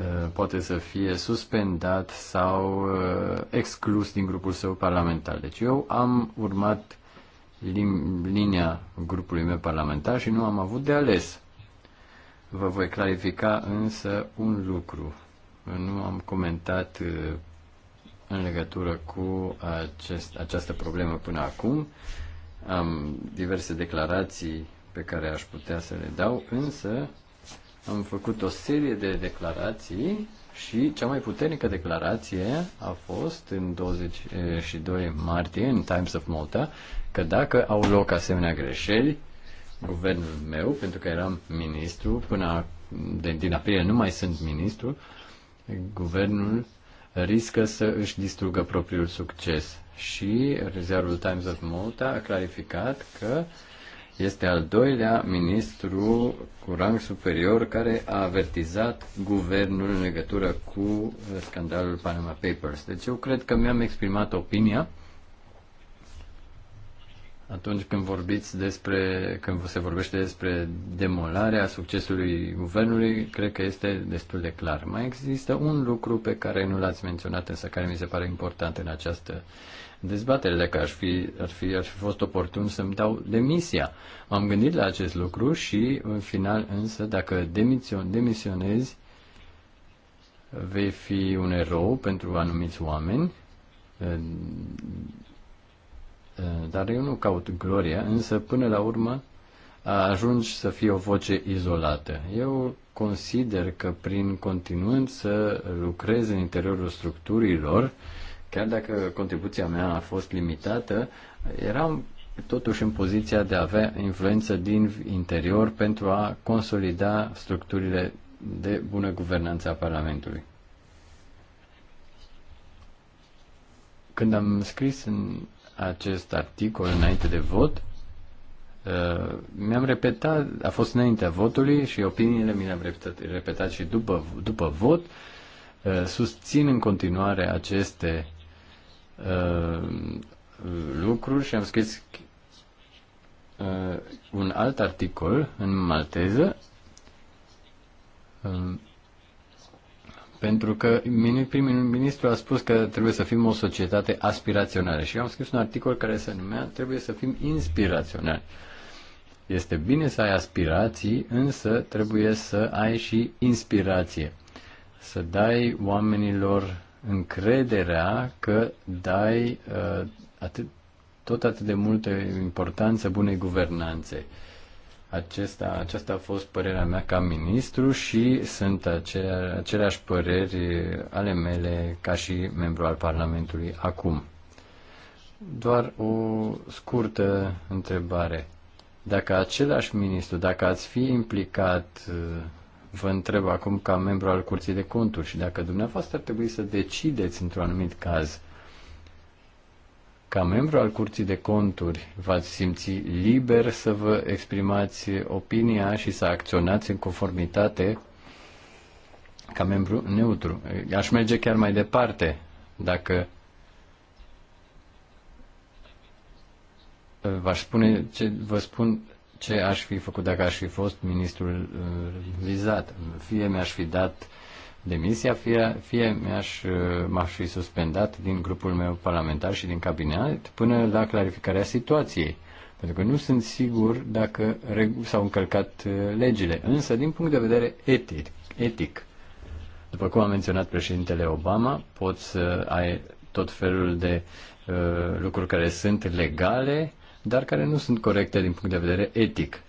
uh, poate să fie suspendat sau uh, exclus din grupul său parlamentar. Deci eu am urmat linia grupului meu parlamentar și nu am avut de ales. Vă voi clarifica însă un lucru. Nu am comentat uh, în legătură cu acest, această problemă până acum. Am diverse declarații pe care aș putea să le dau, însă am făcut o serie de declarații și cea mai puternică declarație a fost în 22 martie în Times of Malta că dacă au loc asemenea greșeli, guvernul meu, pentru că eram ministru, până de, din aprilie nu mai sunt ministru, guvernul riscă să își distrugă propriul succes. Și rezervul Times of Malta a clarificat că este al doilea ministru cu rang superior care a avertizat guvernul în legătură cu scandalul Panama Papers. Deci eu cred că mi-am exprimat opinia atunci când vorbiți despre, când se vorbește despre demolarea succesului guvernului, cred că este destul de clar. Mai există un lucru pe care nu l-ați menționat, însă care mi se pare important în această dezbatere, dacă ar fi, ar fi, ar fi fost oportun să-mi dau demisia. M-am gândit la acest lucru și, în final, însă, dacă demision, demisionezi, vei fi un erou pentru anumiți oameni, Eh, dar eu nu caut gloria, însă până la urmă ajungi să fii o voce izolată. Eu consider că prin continuând să lucrez în interiorul structurilor, chiar dacă contribuția mea a fost limitată, eram totuși în poziția de a avea influență din interior pentru a consolida structurile de bună guvernanță a Parlamentului. Când am scris în acest articol înainte de vot. Uh, mi-am repetat, a fost înaintea votului și opiniile mi le-am repetat, repetat și după, după vot. Uh, susțin în continuare aceste uh, lucruri și am scris un alt articol în malteză pentru că primul ministru a spus că trebuie să fim o societate aspirațională și eu am scris un articol care se numea Trebuie să fim inspiraționali. Este bine să ai aspirații, însă trebuie să ai și inspirație. Să dai oamenilor încrederea că dai uh, atât, tot atât de multă importanță bunei guvernanțe. Uh, acesta, aceasta a fost părerea mea ca ministru și sunt acelea, aceleași păreri ale mele ca și membru al Parlamentului acum. Doar o scurtă întrebare. Dacă același ministru, dacă ați fi implicat, vă întreb acum ca membru al Curții de Conturi și dacă dumneavoastră ar trebui să decideți într-un anumit caz, uh, ca membru al Curții de Conturi, v-ați simți liber să vă exprimați opinia și să acționați în conformitate ca membru neutru. Aș merge chiar mai departe dacă v-aș spune ce, vă spun ce aș fi făcut dacă aș fi fost ministrul uh, vizat. Fie mi-aș fi dat uh, demisia, fie, fie mi-aș, m-aș fi suspendat din grupul meu parlamentar și din cabinet până la clarificarea situației. Pentru că nu sunt sigur dacă s-au încălcat uh, legile. Însă, din punct de vedere etic, etic după cum a menționat președintele Obama, poți să ai tot felul de uh, lucruri care sunt legale, dar care nu sunt corecte din punct de vedere etic.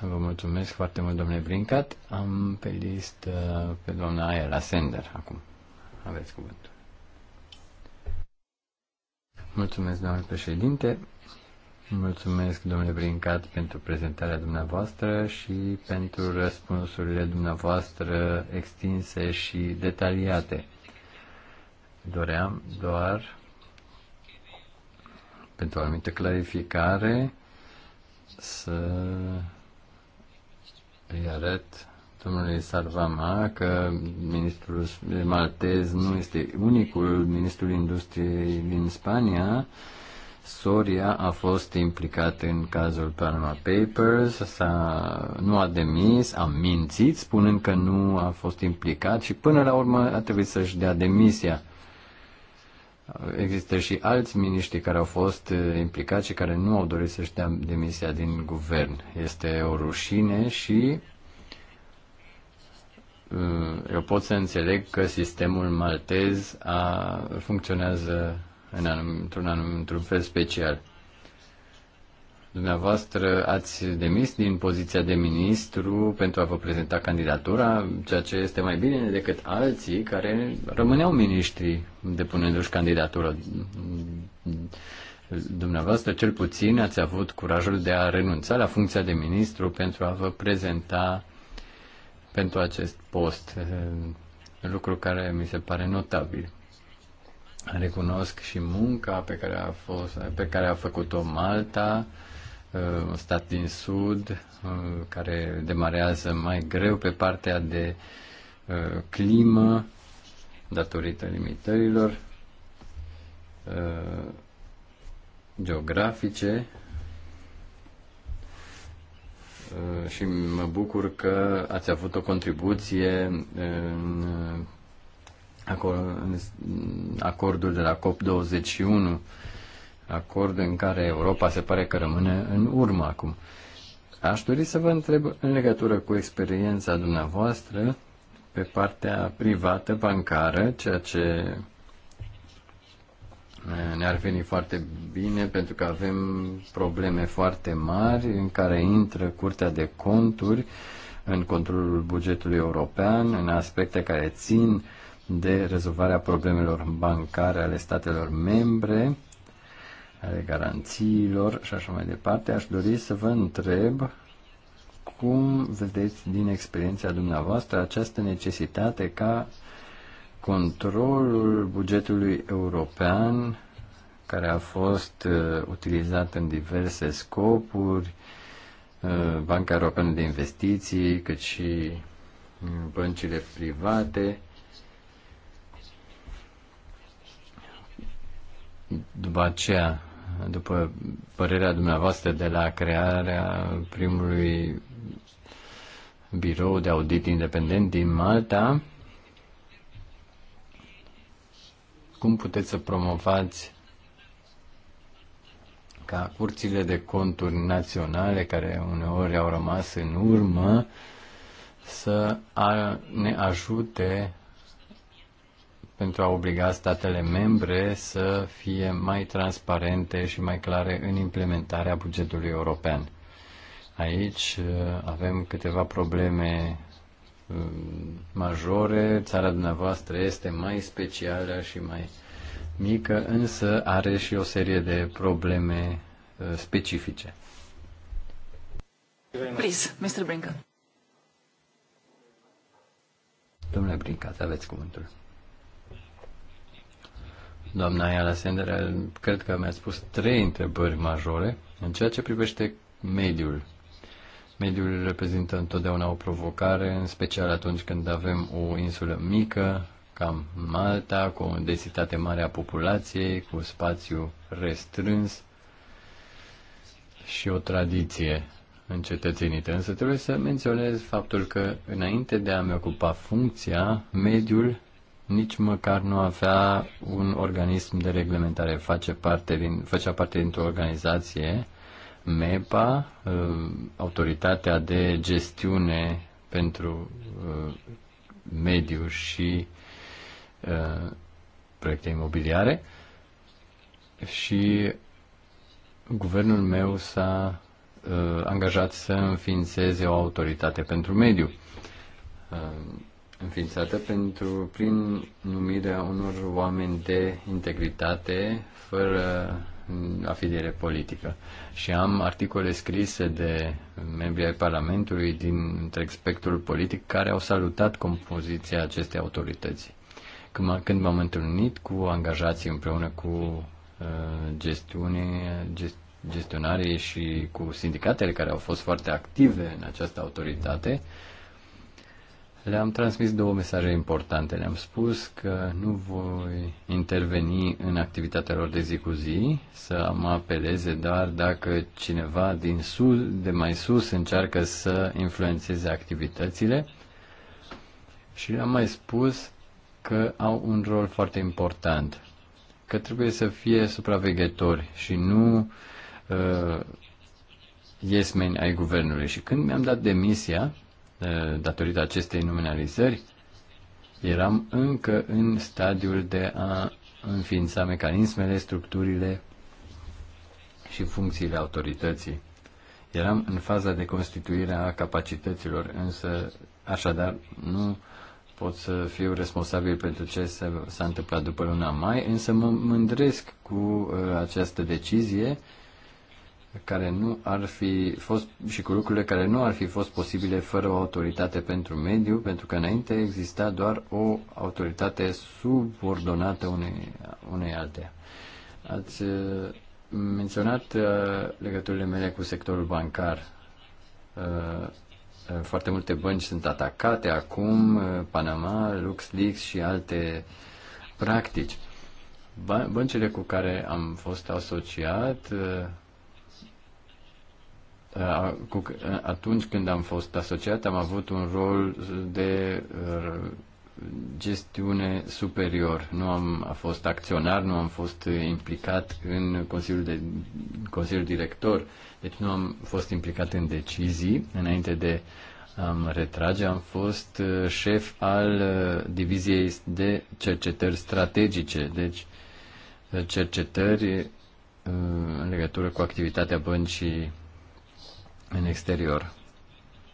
Vă mulțumesc foarte mult, domnule Brincat. Am pe listă pe doamna Aia la sender acum. Aveți cuvântul. Mulțumesc, doamne președinte. Mulțumesc, domnule Brincat, pentru prezentarea dumneavoastră și pentru răspunsurile dumneavoastră extinse și detaliate. Doream doar pentru o anumită clarificare să îi arăt domnului Sarvama că ministrul maltez nu este unicul ministrul industriei din Spania. Soria a fost implicat în cazul Panama Papers, s-a, nu a demis, a mințit spunând că nu a fost implicat și până la urmă a trebuit să-și dea demisia. Există și alți miniștri care au fost uh, implicați și care nu au dorit să-și dea demisia din guvern. Este o rușine și uh, eu pot să înțeleg că sistemul maltez a, funcționează în anum, într-un anum, într-un fel special. Dumneavoastră ați demis din poziția de ministru pentru a vă prezenta candidatura, ceea ce este mai bine decât alții care rămâneau miniștri depunându-și candidatură. Dumneavoastră, cel puțin, ați avut curajul de a renunța la funcția de ministru pentru a vă prezenta pentru acest post, lucru care mi se pare notabil. Recunosc și munca pe care a, fost, pe care a făcut-o Malta, un stat din sud uh, care demarează mai greu pe partea de uh, climă datorită limitărilor uh, geografice și mă bucur că ați avut o contribuție în acordul de la COP21 acord în care Europa se pare că rămâne în urmă acum. Aș dori să vă întreb în legătură cu experiența dumneavoastră pe partea privată bancară, ceea ce ne-ar veni foarte bine pentru că avem probleme foarte mari în care intră Curtea de Conturi în controlul bugetului european, în aspecte care țin de rezolvarea problemelor bancare ale statelor membre ale garanțiilor și așa mai departe, aș dori să vă întreb cum vedeți din experiența dumneavoastră această necesitate ca controlul bugetului european care a fost uh, utilizat în diverse scopuri, uh, Banca Europeană de Investiții, cât și uh, băncile private. După aceea, după părerea dumneavoastră, de la crearea primului birou de audit independent din Malta, cum puteți să promovați ca curțile de conturi naționale, care uneori au rămas în urmă, să ne ajute pentru a obliga statele membre să fie mai transparente și mai clare în implementarea bugetului european. Aici uh, avem câteva probleme uh, majore. Țara dumneavoastră este mai specială și mai mică, însă are și o serie de probleme uh, specifice. Please, Mr. Brinca. Domnule Brinca, aveți cuvântul. Doamna Iala Sender, cred că mi-a spus trei întrebări majore în ceea ce privește mediul. Mediul reprezintă întotdeauna o provocare, în special atunci când avem o insulă mică, cam Malta, cu o densitate mare a populației, cu spațiu restrâns și o tradiție încetățenită. Însă trebuie să menționez faptul că, înainte de a-mi ocupa funcția, mediul nici măcar nu avea un organism de reglementare. Face parte din, făcea parte dintr-o organizație, MEPA, uh, Autoritatea de Gestiune pentru uh, Mediu și uh, Proiecte Imobiliare, și guvernul meu s-a angajat să înființeze o autoritate pentru mediu înființată pentru, prin numirea unor oameni de integritate, fără afiliere politică. Și am articole scrise de membri ai Parlamentului din întreg spectrul politic care au salutat compoziția acestei autorități. Când m-am întâlnit cu angajații împreună cu uh, gestiune, gest, gestionarii și cu sindicatele care au fost foarte active în această autoritate, le-am transmis două mesaje importante. Le-am spus că nu voi interveni în activitatea lor de zi cu zi, să mă apeleze doar dacă cineva din sus, de mai sus încearcă să influențeze activitățile. Și le-am mai spus că au un rol foarte important, că trebuie să fie supraveghetori și nu uh, yes men ai guvernului. Și când mi-am dat demisia, Eh, datorită acestei nominalizări, eram încă în stadiul de a înființa mecanismele, structurile și funcțiile autorității. Eram în faza de constituire a capacităților, însă, așadar, nu pot să fiu responsabil pentru ce s-a întâmplat după luna mai, însă mă mândresc cu uh, această decizie care nu ar fi fost și cu lucrurile care nu ar fi fost posibile fără o autoritate pentru mediu, pentru că înainte exista doar o autoritate subordonată unei, unei alteia. Ați uh, menționat uh, legăturile mele cu sectorul bancar. Uh, foarte multe bănci sunt atacate acum, Panama, LuxLeaks și alte practici. Băncile cu care am fost asociat Uh, uh, atunci când am fost asociat, am avut un rol de uh, gestiune superior. Nu am a fost acționar, nu am fost implicat în consiliul, de, consiliul director, deci nu am fost implicat în decizii. Înainte de a mă retrage, am fost șef al diviziei de cercetări strategice, deci cercetări în legătură cu activitatea băncii în exterior.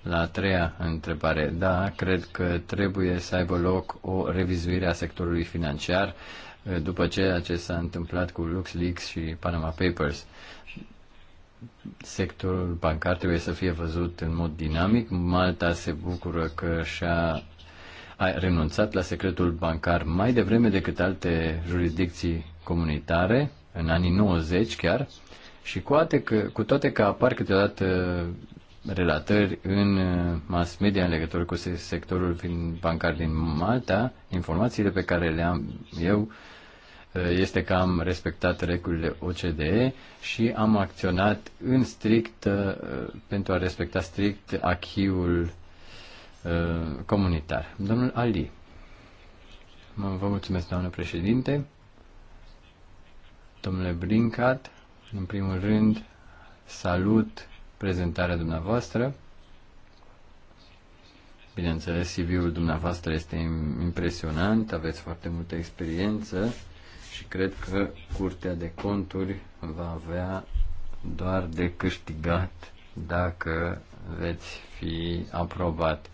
La a treia întrebare, da, cred că trebuie să aibă loc o revizuire a sectorului financiar eh, după ceea ce s-a întâmplat cu LuxLeaks și Panama Papers. Sectorul bancar trebuie să fie văzut în mod dinamic. Malta se bucură că și-a a renunțat la secretul bancar mai devreme decât alte jurisdicții comunitare, în anii 90 chiar, și cu toate că, cu toate că apar câteodată relatări în uh, mass media în legătură cu sectorul bancar din Malta, informațiile pe care le am eu uh, este că am respectat regulile OCDE și am acționat în strict uh, pentru a respecta strict achiul comunitar. Domnul Ali. Vă mulțumesc, doamnă președinte. Domnule Brincat, în primul rând, salut prezentarea dumneavoastră. Bineînțeles, CV-ul dumneavoastră este impresionant, aveți foarte multă experiență și cred că Curtea de Conturi va avea doar de câștigat dacă veți fi aprobat.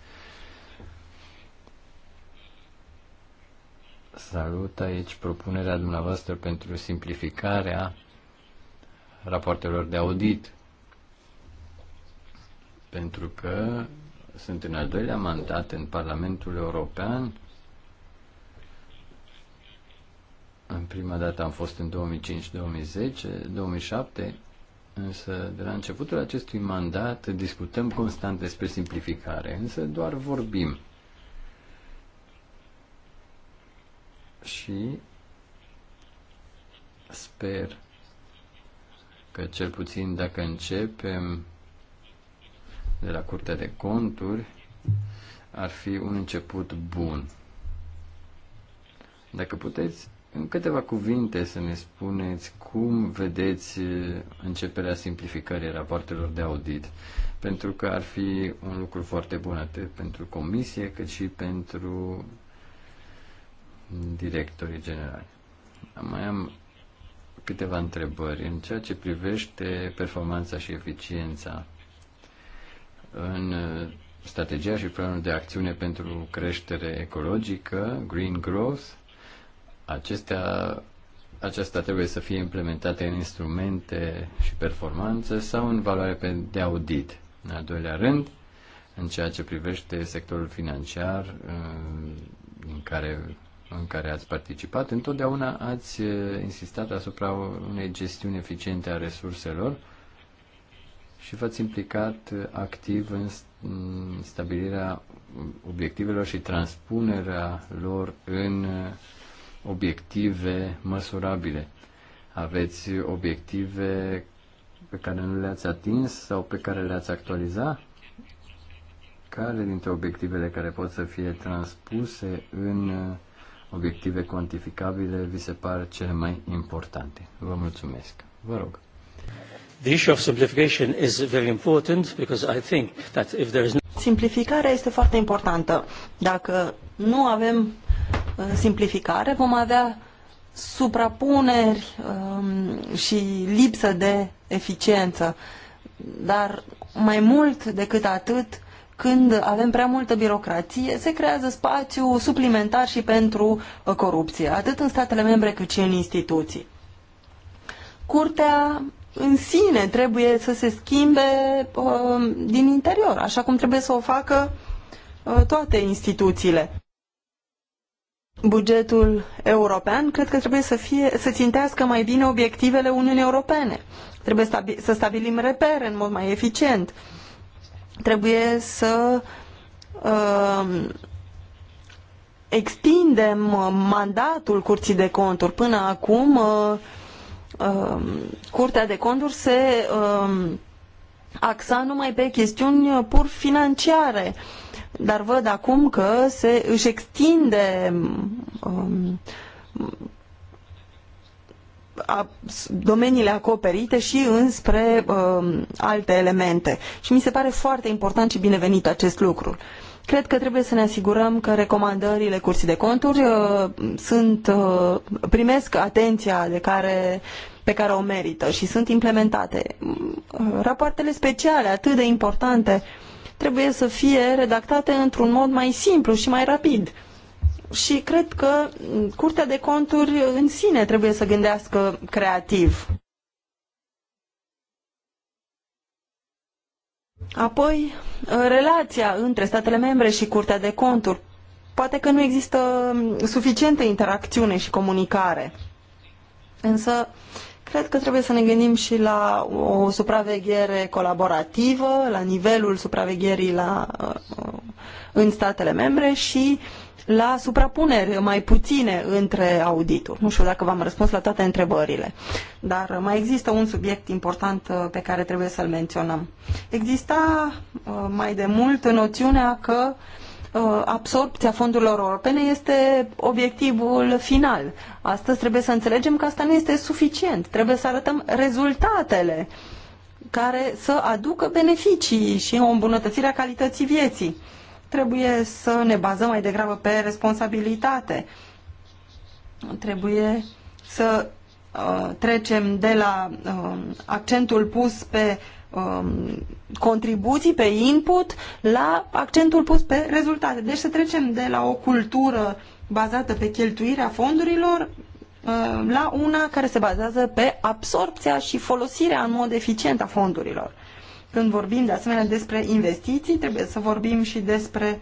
Salut aici propunerea dumneavoastră pentru simplificarea rapoartelor de audit. Pentru că sunt în al doilea mandat în Parlamentul European. În prima dată am fost în 2005-2010, 2007, însă de la începutul acestui mandat discutăm constant despre simplificare, însă doar vorbim. Și sper că cel puțin dacă începem de la Curtea de Conturi, ar fi un început bun. Dacă puteți, în câteva cuvinte să ne spuneți cum vedeți eh, începerea simplificării rapoartelor de audit, pentru că ar fi un lucru foarte bun atât pentru comisie cât și pentru directorii generali. Mai am câteva întrebări în ceea ce privește performanța și eficiența în uh, strategia și planul de acțiune pentru creștere ecologică, Green Growth, acestea, aceasta trebuie să fie implementată în instrumente și performanță sau în valoare de audit. În al doilea rând, în ceea ce privește sectorul financiar, în uh, care în care ați participat, întotdeauna ați eh, insistat asupra unei gestiuni eficiente a resurselor și v-ați implicat eh, activ în stabilirea obiectivelor și transpunerea lor în eh, obiective măsurabile. Aveți obiective pe care nu le-ați atins sau pe care le-ați actualiza? Care dintre obiectivele care pot să fie transpuse în uh, obiective cuantificabile vi se pare cele mai importante. Vă mulțumesc. Vă rog. The issue of simplification is very important because I think that if there is Simplificarea este foarte importantă. Dacă nu avem uh, simplificare, vom avea suprapuneri um, și lipsă de eficiență. Dar mai mult decât atât, când avem prea multă birocrație, se creează spațiu suplimentar și pentru uh, corupție, atât în statele membre cât și în instituții. Curtea în sine trebuie să se schimbe uh, din interior, așa cum trebuie să o facă uh, toate instituțiile. Bugetul european cred că trebuie să, fie, să țintească mai bine obiectivele Uniunii Europene. Trebuie stabi să stabilim repere în mod mai eficient. Uh, trebuie să uh, extindem mandatul Curții de Conturi. Până acum, uh, uh, Curtea de Conturi se uh, axa numai pe chestiuni pur financiare. Dar văd acum că se își extinde uh, domeniile acoperite și înspre um, alte elemente. Și mi se pare foarte important și binevenit acest lucru. Cred că trebuie să ne asigurăm că recomandările curții de conturi uh, sunt, uh, primesc atenția de care pe care o merită și sunt implementate. Mm, rapoartele speciale, atât de importante, trebuie să fie redactate într-un mod mai simplu și mai rapid și cred că Curtea de Conturi în sine trebuie să gândească creativ. Apoi, relația între statele membre și Curtea de Conturi. Poate că nu există suficientă interacțiune și comunicare. Însă, cred că trebuie să ne gândim și la o supraveghere colaborativă, la nivelul supravegherii la, uh, uh, în statele membre și la suprapuneri mai puține între audituri. Nu știu dacă v-am răspuns la toate întrebările, dar mai există un subiect important uh, pe care trebuie să-l menționăm. Exista uh, mai de mult noțiunea că uh, absorpția fondurilor europene este obiectivul final. Astăzi trebuie să înțelegem că asta nu este suficient. Trebuie să arătăm rezultatele care să aducă beneficii și o îmbunătățire a calității vieții Trebuie să ne bazăm mai degrabă pe responsabilitate. Trebuie să uh, trecem de la uh, accentul pus pe um, contribuții, pe input, la accentul pus pe rezultate. Deci să trecem de la o cultură bazată pe cheltuirea fondurilor uh, la una care se bazează pe absorpția și folosirea în mod eficient a fondurilor. Când vorbim de asemenea despre investiții, trebuie să vorbim și despre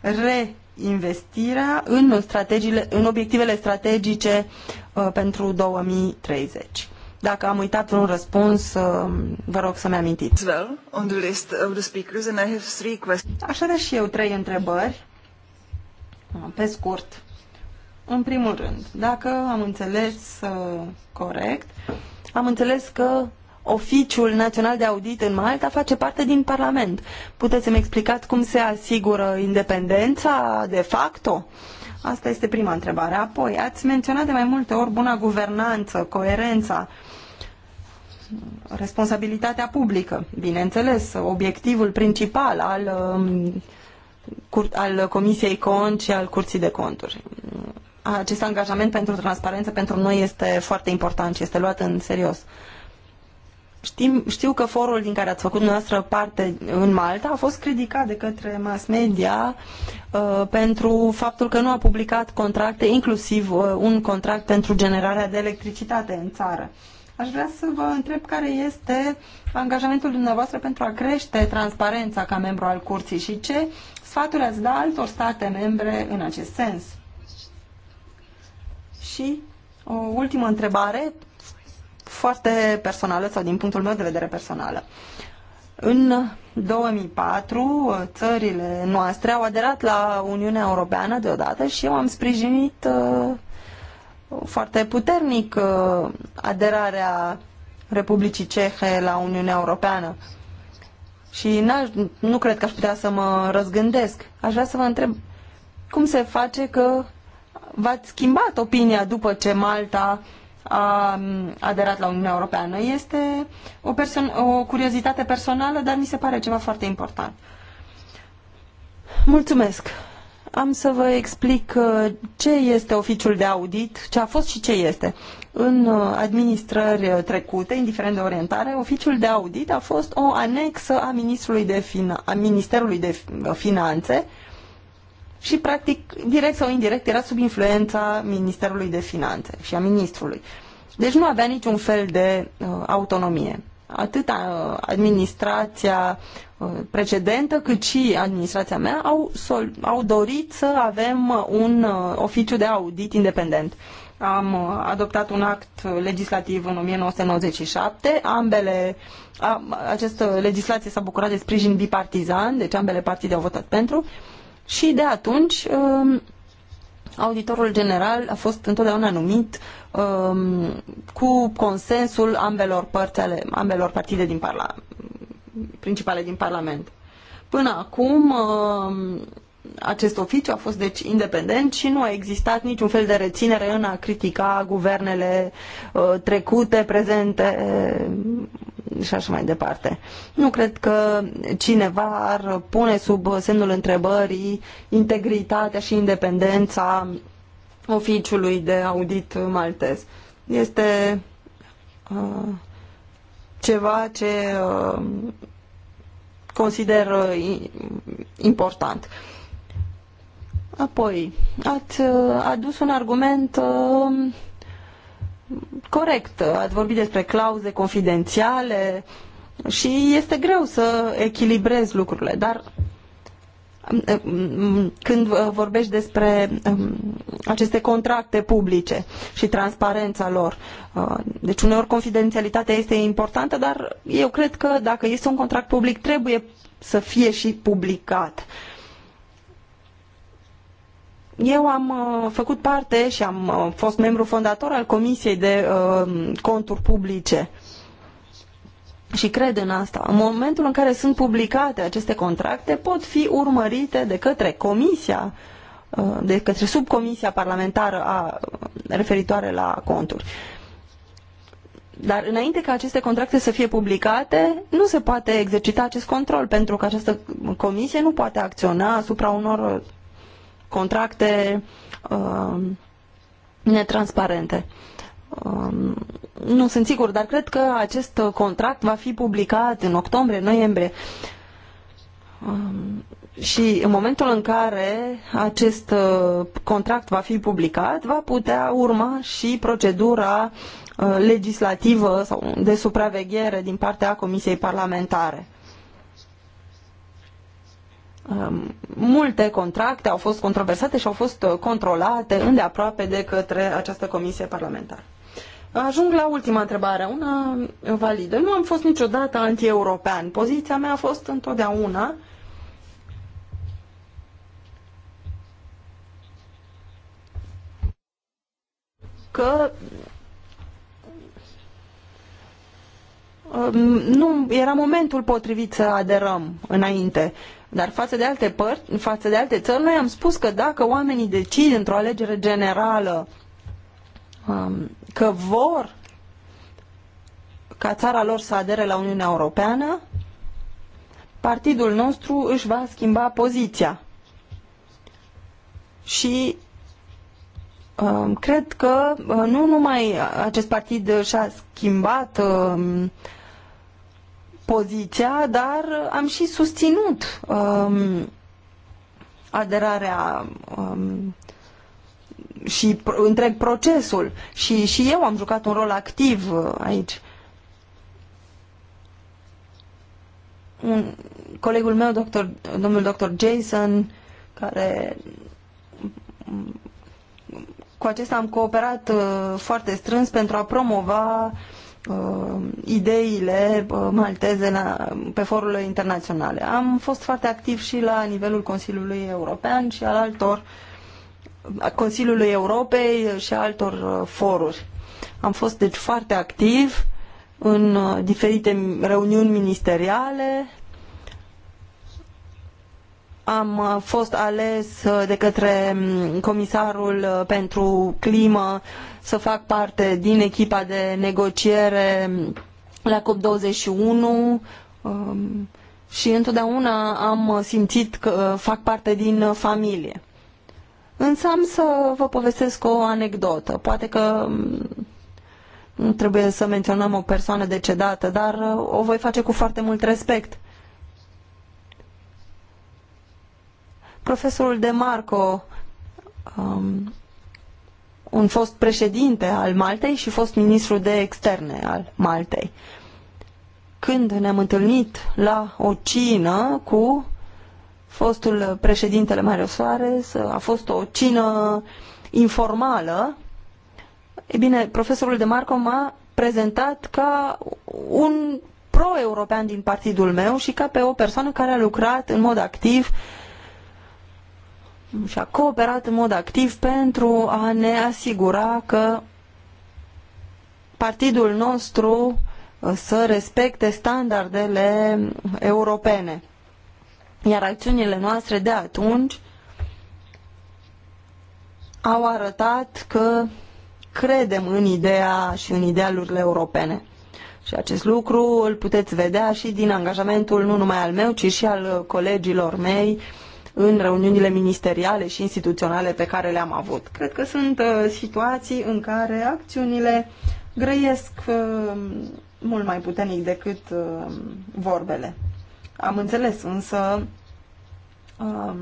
reinvestirea în, strategiile, în obiectivele strategice uh, pentru 2030. Dacă am uitat un răspuns, uh, vă rog să-mi amintiți. Well, on the list of the speakers and I have three questions. Aș avea și eu trei întrebări, uh, pe scurt. În primul rând, dacă am înțeles uh, corect, am înțeles că Oficiul Național de Audit în Malta face parte din Parlament. Puteți să-mi explicați cum se asigură independența de facto? Asta este prima întrebare. Apoi, ați menționat de mai multe ori buna guvernanță, coerența, responsabilitatea publică. Bineînțeles, obiectivul principal al, um, al Comisiei Cont și al Curții de Conturi. Acest angajament pentru transparență pentru noi este foarte important și este luat în serios. Uh, Știm, știu că forul din care ați făcut noastră parte în Malta a fost criticat de către mass media uh, pentru faptul că nu a publicat contracte, inclusiv uh, un contract pentru generarea de electricitate în țară. Aș vrea să vă întreb care este angajamentul dumneavoastră pentru a crește transparența ca membru al curții și ce sfaturi ați da altor state membre în acest sens. Și o ultimă întrebare foarte personală sau din punctul meu de vedere personală. În 2004, țările noastre au aderat la Uniunea Europeană deodată și eu am sprijinit uh, foarte puternic uh, aderarea Republicii Cehe la Uniunea Europeană. Și nu cred că aș putea să mă răzgândesc. Aș vrea să vă întreb cum se face că v-ați schimbat opinia după ce Malta a aderat la Uniunea Europeană. Este o, o curiozitate personală, dar mi se pare ceva foarte important. Mulțumesc! Am să vă explic uh, ce este oficiul de audit, ce a fost și ce este. În uh, administrări trecute, indiferent de orientare, oficiul de audit a fost o anexă a, ministrului de fin- a Ministerului de Finanțe și, practic, direct sau indirect, era sub influența Ministerului de Finanțe și a Ministrului. Deci nu avea niciun fel de uh, autonomie. Atât uh, administrația uh, precedentă, cât și administrația mea au, sol- au dorit să avem uh, un uh, oficiu de audit independent. Am uh, adoptat un act legislativ în 1997, ambele, a, această legislație s-a bucurat de sprijin bipartizan, deci ambele partide au votat pentru. Uh, și de atunci, um, auditorul general a fost întotdeauna numit um, cu consensul ambelor, părți ale, ambelor partide din parla, principale din Parlament. Până acum, um, acest oficiu a fost deci independent și nu a existat niciun fel de reținere în a critica guvernele uh, trecute, prezente uh, și așa mai departe. Nu cred că cineva ar pune sub semnul întrebării integritatea și independența oficiului de audit maltez. Este uh, ceva ce uh, consider uh, important. Apoi, ați uh, adus un argument uh, corect. Ați vorbit despre clauze confidențiale și este greu să echilibrezi lucrurile, dar um, um, când uh, vorbești despre um, aceste contracte publice și transparența lor. Deci uneori confidențialitatea este importantă, dar eu cred că dacă este un contract public trebuie să fie și publicat. Uh, eu am uh, făcut parte și am uh, fost membru fondator al Comisiei de uh, Conturi Publice și cred în asta. În momentul în care sunt publicate aceste contracte, pot fi urmărite de către Comisia de către subcomisia parlamentară a, referitoare la conturi. Dar înainte ca aceste contracte să fie publicate, nu se poate exercita acest control, pentru că această comisie nu poate acționa asupra unor contracte uh, netransparente. Uh, nu sunt sigur, dar cred că acest contract va fi publicat în octombrie-noiembrie. Uh, um, și în momentul în care acest uh, contract va fi publicat, va putea urma și procedura uh, legislativă sau de supraveghere din partea Comisiei Parlamentare. Um, multe contracte au fost controversate și au fost uh, controlate îndeaproape de către această comisie parlamentară. Ajung la ultima întrebare, una validă. Nu am fost niciodată anti-european. Poziția mea a fost întotdeauna că um, nu era momentul potrivit să aderăm înainte. Dar față de alte părți, față de alte țări, noi am spus că dacă oamenii decid într-o alegere generală um, că vor ca țara lor să adere la Uniunea Europeană, partidul nostru își va schimba poziția. Și um, cred că uh, nu numai acest partid și-a schimbat um, poziția, dar am și susținut um, aderarea um, și pro întreg procesul și, și eu am jucat un rol activ uh, aici. Un, colegul meu, doctor, domnul doctor Jason, care cu acesta am cooperat uh, foarte strâns pentru a promova uh, uh, ideile uh, malteze la, pe forurile internaționale. Am fost foarte activ și la nivelul Consiliului European și al altor Consiliului Europei și altor uh, foruri. Am fost deci foarte activ în uh, diferite reuniuni ministeriale am uh, fost ales uh, de către mm, comisarul uh, pentru climă să fac parte din echipa de negociere mm, la COP21 um, și întotdeauna am simțit că fac parte din familie. Însă am să vă povestesc o anecdotă. Poate că mm, nu trebuie să menționăm o persoană decedată, dar o voi face cu foarte mult respect. Profesorul De Marco, um, un fost președinte al Maltei și fost ministru de externe al Maltei. Când ne-am întâlnit la o cină cu fostul președintele Mario Soares, a fost o cină informală, e bine, profesorul De Marco m-a prezentat ca un pro-european din partidul meu și ca pe o persoană care a lucrat în mod activ uh, și a cooperat în mod activ pentru a ne asigura că partidul nostru uh, să respecte standardele europene. Iar acțiunile noastre de atunci au arătat că credem în ideea și în idealurile europene. Și acest lucru îl puteți vedea și din angajamentul nu numai al meu, ci și al colegilor mei uh, în reuniunile ministeriale și instituționale pe care le-am avut. Cred că sunt uh, situații în care acțiunile grăiesc uh, mult mai puternic decât uh, vorbele. Am înțeles însă um,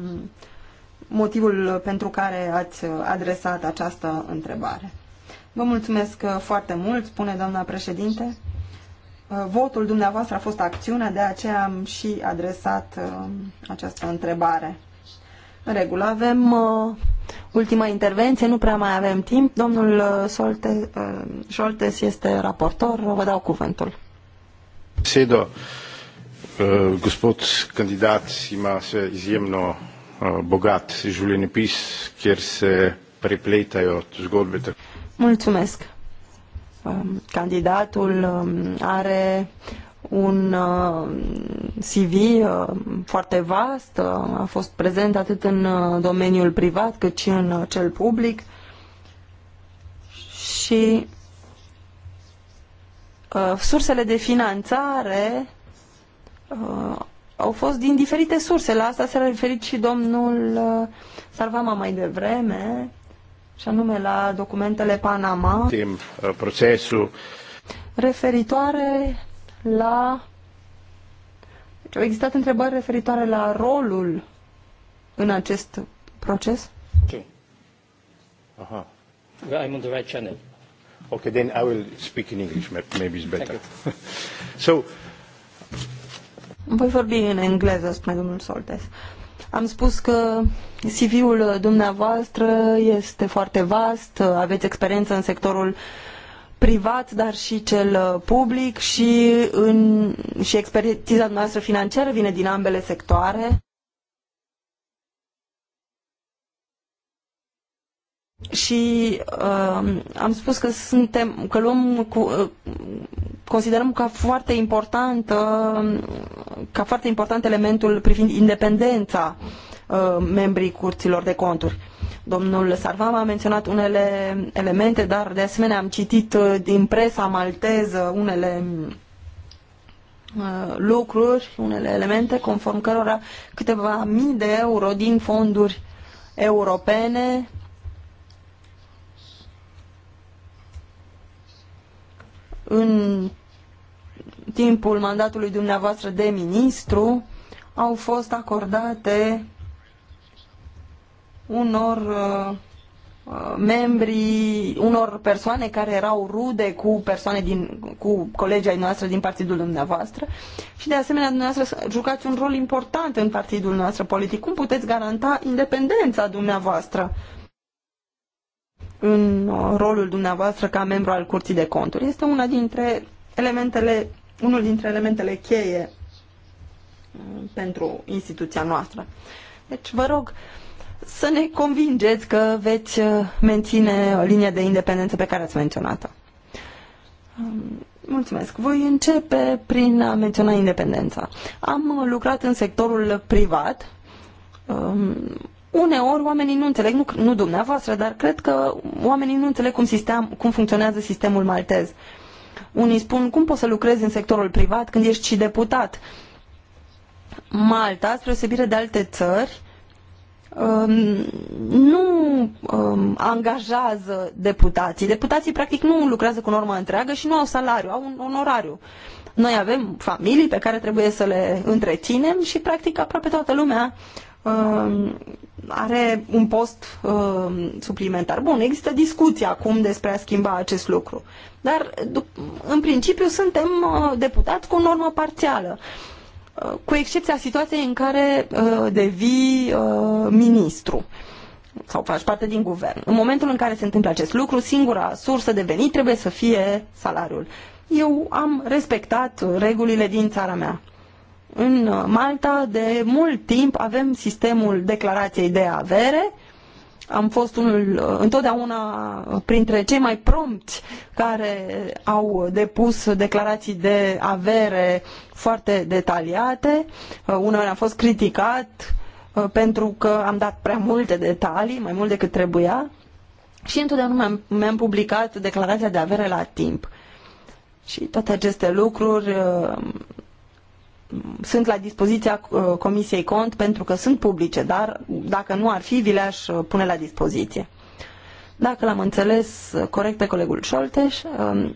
motivul pentru care ați adresat această întrebare. Vă mulțumesc foarte mult, spune doamna președinte. Uh, votul dumneavoastră a fost acțiunea, de aceea am și adresat uh, această întrebare. În regulă, avem uh, ultima intervenție, nu prea mai avem timp. Domnul Solte, Soltes este raportor, vă dau cuvântul. Sido, gospod candidat ima se izjemno bogat življenjepis, kjer se prepletajo zgodbe. Mulțumesc. Um, candidatul um, are un um, CV foarte vast, uh, a fost prezent atât în uh, domeniul privat cât și în uh, cel public și sursele de finanțare au fost din diferite surse. La asta s-a referit și domnul Sarvama mai devreme și anume la documentele Panama. Tim, uh, procesul referitoare la... Deci au existat întrebări referitoare la rolul în acest proces? Okay. Aha. I'm on the right channel. Okay, then I will speak in English. Maybe it's better. *laughs* so... Voi vorbi în engleză, spune domnul Soltes. Uh, am spus că CV-ul dumneavoastră este foarte vast, aveți experiență în sectorul privat, dar și cel public și, în, și expertiza noastră financiară vine din ambele sectoare. și uh, am spus că suntem, că luăm cu, uh, considerăm ca foarte important uh, ca foarte important elementul privind independența uh, membrii curților de conturi. Domnul Sarvam a menționat unele elemente, dar de asemenea am citit uh, din presa malteză unele uh, lucruri, unele elemente conform cărora câteva mii de euro din fonduri europene în timpul mandatului dumneavoastră de ministru au fost acordate unor uh, uh membri, unor persoane care erau rude cu persoane din, cu colegii ai noastre din partidul dumneavoastră și de asemenea dumneavoastră jucați un rol important în partidul nostru politic. Cum puteți garanta independența dumneavoastră? în uh, rolul dumneavoastră ca membru al Curții de Conturi. Este una dintre elementele, unul dintre elementele cheie uh, pentru instituția noastră. Deci vă rog să ne convingeți că veți uh, menține o linie de independență pe care ați menționat-o. Um, mulțumesc. Voi începe prin a menționa independența. Am lucrat în sectorul privat um, uneori oamenii nu înțeleg, nu, nu dumneavoastră, dar cred că oamenii nu înțeleg cum, sistem, cum funcționează sistemul maltez. Unii spun, cum poți să lucrezi în sectorul privat când ești și deputat? Malta, spre osebire de alte țări, um, nu um, angajează deputații. Deputații, practic, nu lucrează cu norma întreagă și nu au salariu, au un onorariu. Noi avem familii pe care trebuie să le întreținem și, practic, aproape toată lumea uh, Um, are un post uh, suplimentar. Bun, există discuții acum despre a schimba acest lucru. Dar, în principiu, suntem uh, deputați cu normă parțială. Uh, cu excepția situației în care uh, devii uh, ministru sau faci parte din guvern. În momentul în care se întâmplă acest lucru, singura sursă de venit trebuie să fie salariul. Eu am respectat uh, regulile din țara mea. În Malta, de mult timp, avem sistemul declarației de avere. Am fost unul, întotdeauna printre cei mai prompți care au depus declarații de avere foarte detaliate. Uh, uneori am fost criticat uh, pentru că am dat prea multe detalii, mai mult decât trebuia. Și întotdeauna mi-am publicat declarația de avere la timp. Și toate aceste lucruri uh, sunt la dispoziția uh, Comisiei Cont pentru că sunt publice, dar dacă nu ar fi, vi le-aș uh, pune la dispoziție. Dacă l-am înțeles uh, corect pe colegul Șolteș,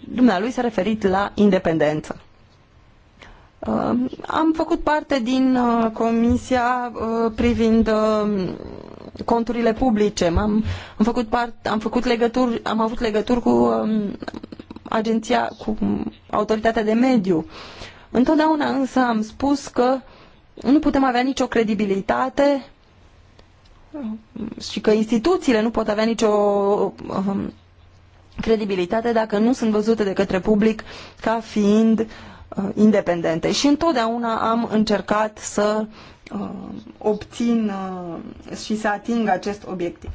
dumnealui s-a referit la independență. Am făcut parte din comisia privind conturile publice. am am făcut, part, am făcut legături, am avut legături cu um, agenția, cu autoritatea de mediu Întotdeauna însă am spus că nu putem avea nicio credibilitate și că instituțiile nu pot avea nicio um, credibilitate dacă nu sunt văzute de către public ca fiind uh, independente. Și întotdeauna am încercat să uh, obțin uh, și să ating acest obiectiv.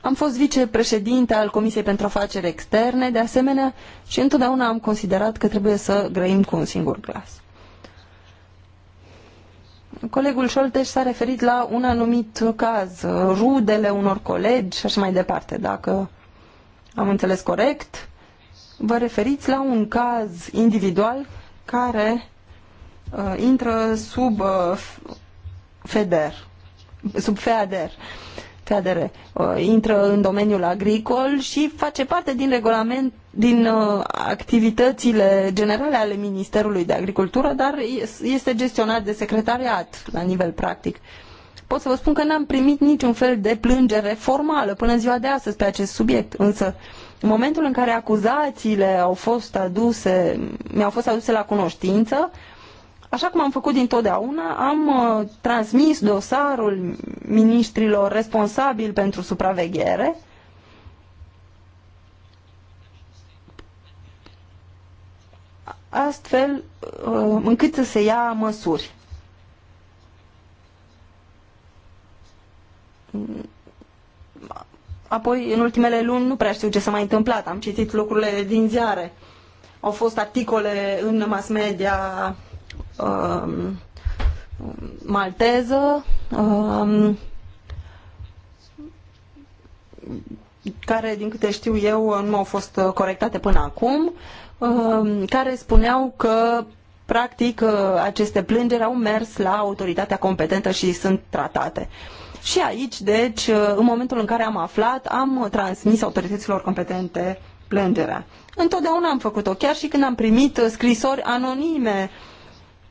Am fost vicepreședinte al Comisiei pentru Afaceri Externe, de asemenea, și întotdeauna am considerat că trebuie să grăim cu un singur glas. Colegul Șolteș s-a referit la un anumit caz, rudele unor colegi și așa mai departe. Dacă am înțeles corect, vă referiți la un caz individual care uh, intră sub uh, FEDER, sub FEADER. Uh, FADR uh, intră în domeniul agricol și face parte din regulament, din uh, activitățile generale ale Ministerului de Agricultură, dar este gestionat de secretariat la nivel practic. Pot să vă spun că n-am primit niciun fel de plângere formală până în ziua de astăzi pe acest subiect, însă în momentul în care acuzațiile au fost aduse, mi-au fost aduse la cunoștință, Așa cum am făcut dintotdeauna, am uh, transmis dosarul ministrilor responsabili pentru supraveghere astfel uh, încât să se ia măsuri. Apoi, în ultimele luni, nu prea știu ce s-a mai întâmplat. Am citit lucrurile din ziare. Au fost articole în mass media Um, malteză um, care, din câte știu eu, nu au fost corectate până acum, um, care spuneau că practic aceste plângeri au mers la autoritatea competentă și sunt tratate. Și aici, deci, în momentul în care am aflat, am transmis autorităților competente plângerea. Întotdeauna am făcut-o, chiar și când am primit scrisori anonime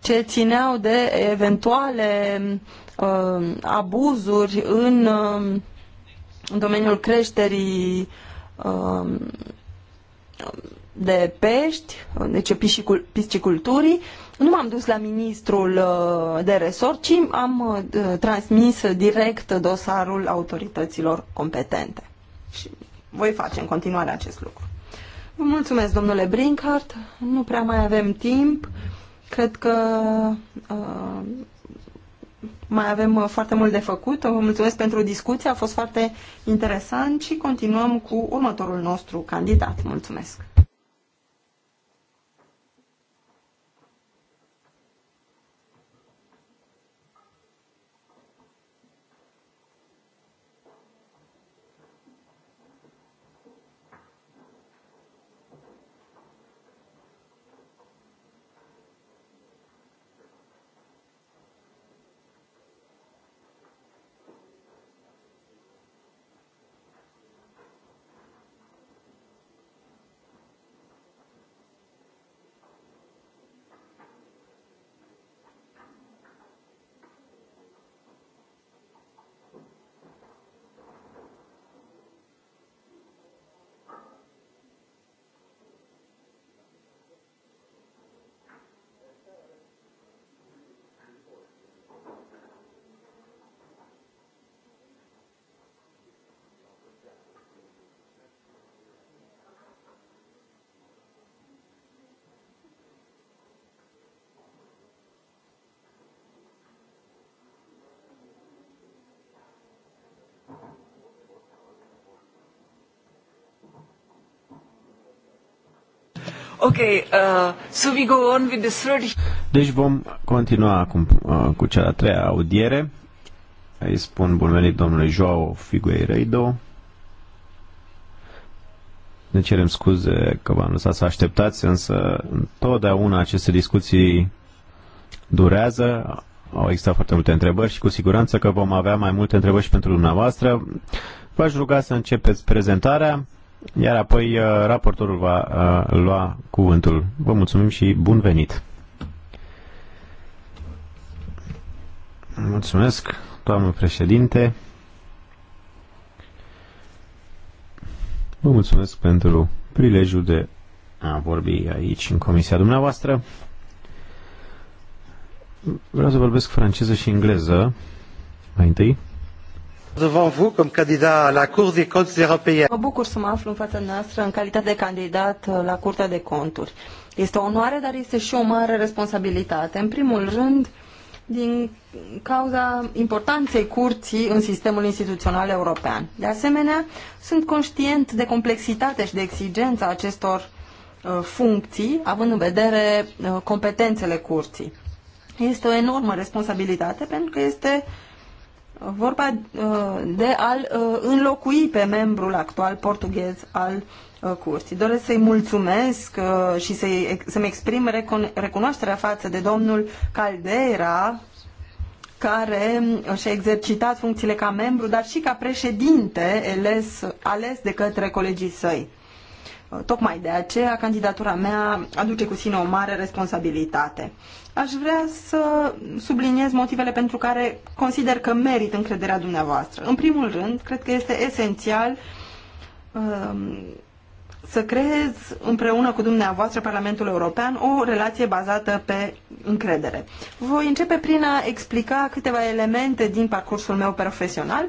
ce țineau de eventuale uh, abuzuri în, uh, în domeniul creșterii uh, de pești, deci pisciculturii. Nu m-am dus la ministrul uh, de resort, ci am uh, transmis direct dosarul autorităților competente. Și voi face în continuare acest lucru. Vă mulțumesc, domnule Brinkhardt. Nu prea mai avem timp. Cred că uh, mai avem uh, foarte mult de făcut. Vă mulțumesc pentru discuție, a fost foarte interesant și continuăm cu următorul nostru candidat. Mulțumesc! Uh, so we go on with third... Deci vom continua acum uh, cu cea a treia audiere. Îi spun bun venit domnului Joao Figueiredo. Ne cerem scuze că v-am lăsat să așteptați, însă întotdeauna aceste discuții durează. Au existat foarte multe întrebări și cu siguranță că vom avea mai multe întrebări și pentru dumneavoastră. V-aș ruga să începeți prezentarea iar apoi uh, raportorul va uh, lua cuvântul. Vă mulțumim și bun venit! Mulțumesc, doamnă președinte. Vă mulțumesc pentru prilejul de a vorbi aici, în comisia dumneavoastră. Vreau să vorbesc franceză și engleză, mai întâi. Devant vous, comme candidat la Cour des Comptes européenne. Mă bucur să mă aflu în fața noastră în calitate de candidat uh, la Curtea de Conturi. Este o onoare, dar este și o mare responsabilitate. În primul rând, din cauza importanței curții în sistemul instituțional european. De asemenea, sunt conștient de complexitatea și de exigența acestor uh, funcții, având în vedere uh, competențele curții. Este o enormă responsabilitate pentru că este uh, vorba uh, de a-l uh, înlocui pe membrul actual portughez al uh, curții. Doresc să-i mulțumesc și să-i, să-mi exprim recunoașterea față de domnul Caldera, care și-a exercitat funcțiile ca membru, dar și ca președinte ales, ales de către colegii săi. Tocmai de aceea, candidatura mea aduce cu sine o mare responsabilitate. Aș vrea să subliniez motivele pentru care consider că merit încrederea dumneavoastră. În primul rând, cred că este esențial um, să creez împreună cu dumneavoastră Parlamentul European o relație bazată pe încredere. Voi începe prin a explica câteva elemente din parcursul meu profesional,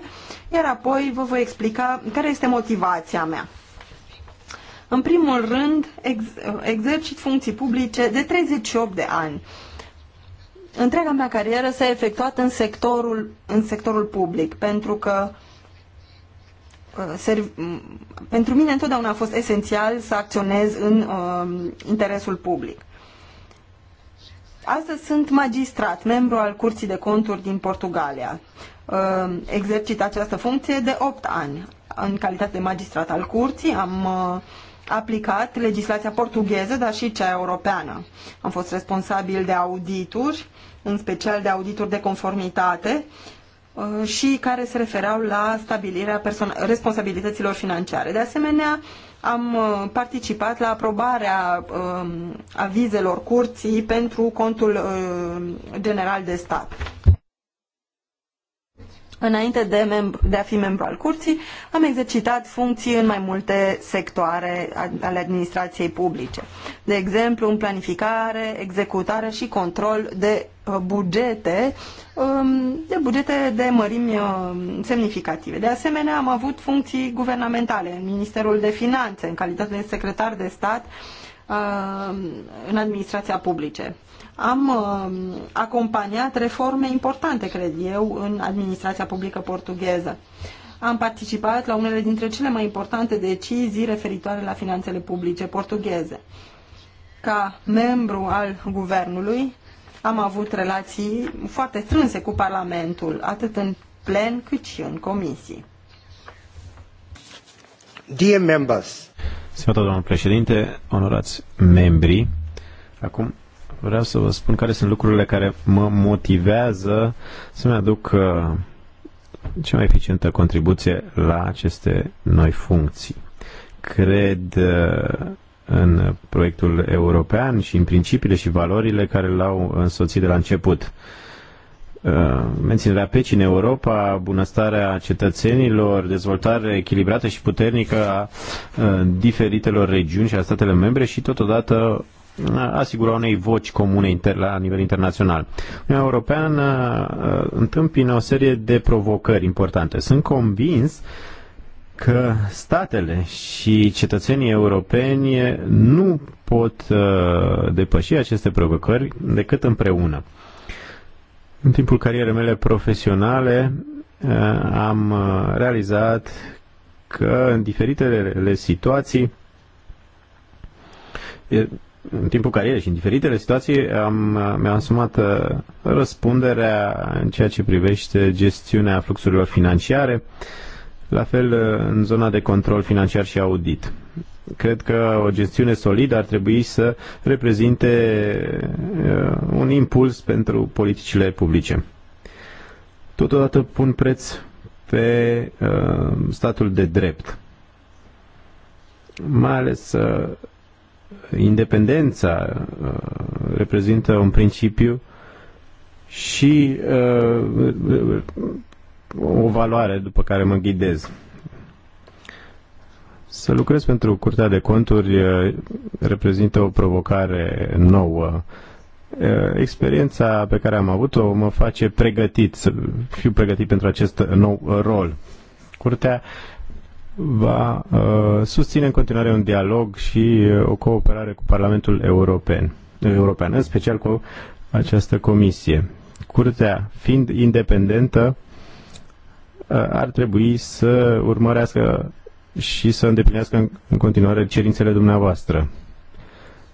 iar apoi vă voi explica care este motivația mea. În primul rând, ex exercit funcții publice de 38 de ani Întreaga mea carieră s-a efectuat în sectorul, în sectorul public, pentru că uh, pentru mine întotdeauna a fost esențial să acționez în uh, interesul public. Astăzi sunt magistrat, membru al Curții de Conturi din Portugalia. Uh, exercit această funcție de 8 ani. În calitate de magistrat al Curții am uh, aplicat legislația portugheză, dar și cea europeană. Am fost responsabil de audituri, în special de audituri de conformitate uh, și care se refereau la stabilirea responsabilităților financiare. De asemenea, am uh, participat la aprobarea um, avizelor curții pentru contul uh, general de stat. Înainte de, de a fi membru al curții, am exercitat funcții în mai multe sectoare ale administrației publice. De exemplu, în planificare, executare și control de uh, bugete, um, de bugete de mărimi uh, semnificative. De asemenea, am avut funcții guvernamentale în Ministerul de Finanțe, în calitate de secretar de stat uh, în administrația publice, am uh, acompaniat reforme importante, cred eu, în administrația publică portugheză. Am participat la unele dintre cele mai importante decizii referitoare la finanțele publice portugheze. Ca membru al guvernului, am avut relații foarte strânse cu Parlamentul, atât în plen cât și în comisii. Dear members. Sfântul domnul președinte, onorați membri, acum vreau să vă spun care sunt lucrurile care mă motivează să-mi aduc uh, cea mai eficientă contribuție la aceste noi funcții. Cred uh, în proiectul european și în principiile și valorile care l-au însoțit de la început. Uh, menținerea pecii în Europa, bunăstarea cetățenilor, dezvoltare echilibrată și puternică a diferitelor regiuni și a statele membre și totodată asigura unei voci comune inter, la nivel internațional. Uniunea Europeană întâmpină o serie de provocări importante. Sunt convins că statele și cetățenii europeni nu pot depăși aceste provocări decât împreună. În timpul carierei mele profesionale am realizat că în diferitele situații în timpul carierei și în diferitele situații am, mi-am asumat uh, răspunderea în ceea ce privește gestiunea fluxurilor financiare, la fel uh, în zona de control financiar și audit. Cred că o gestiune solidă ar trebui să reprezinte uh, un impuls pentru politicile publice. Totodată pun preț pe statul de drept mai ales independența uh, reprezintă un principiu și uh, o valoare după care mă ghidez. Să lucrez pentru Curtea de Conturi uh, reprezintă o provocare nouă. Experiența pe care am avut-o mă face pregătit, să fiu pregătit pentru acest nou rol. Curtea va uh, susține în continuare un dialog și uh, o cooperare cu Parlamentul European, European în special cu această comisie. Curtea, fiind independentă, uh, ar trebui să urmărească și să îndeplinească în continuare cerințele dumneavoastră.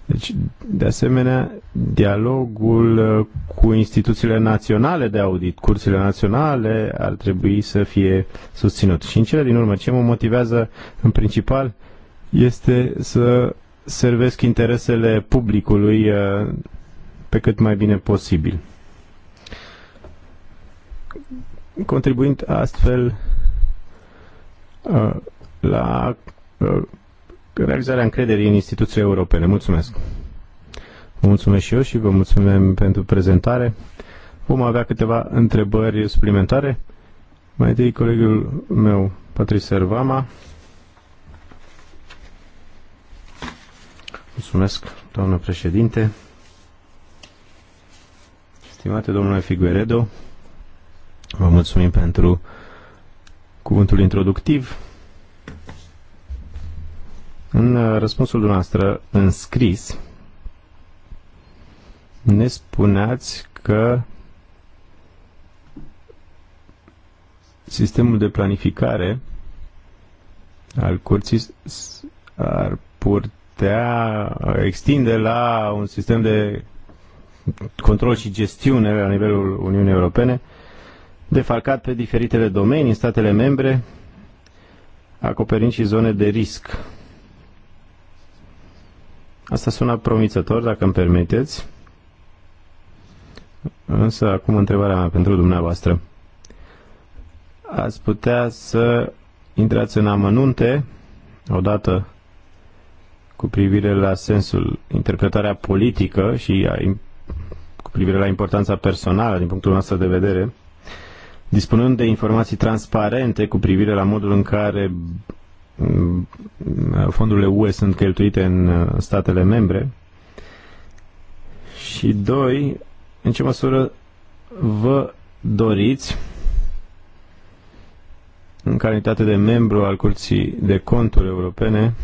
Deci, de asemenea, dialogul uh, cu instituțiile naționale de audit, cursurile naționale, ar trebui să fie susținut. Și în cele din urmă, ce mă motivează în principal este să servesc interesele publicului uh, pe cât mai bine posibil. Contribuind astfel uh, la realizarea încrederii în instituții europene. Mulțumesc! Vă mulțumesc și eu și vă mulțumim pentru prezentare. Vom avea câteva întrebări suplimentare. Mai întâi colegul meu, Patrice Servama. Mulțumesc, doamnă președinte. Stimate domnule Figueredo, vă mulțumim pentru cuvântul introductiv în uh, răspunsul dumneavoastră în scris, ne spuneați că sistemul de planificare al curții ar putea uh, extinde la un sistem de control și gestiune la nivelul Uniunii Europene, defalcat pe diferitele domenii în statele membre, acoperind și zone de risc Asta sună promițător, dacă îmi permiteți. Însă acum întrebarea mea pentru dumneavoastră. Ați putea să intrați în amănunte odată cu privire la sensul, interpretarea politică și a, cu privire la importanța personală din punctul nostru de vedere, dispunând de informații transparente cu privire la modul în care fondurile UE sunt cheltuite în uh, statele membre și doi, în ce măsură vă doriți în calitate de membru al Curții de Conturi Europene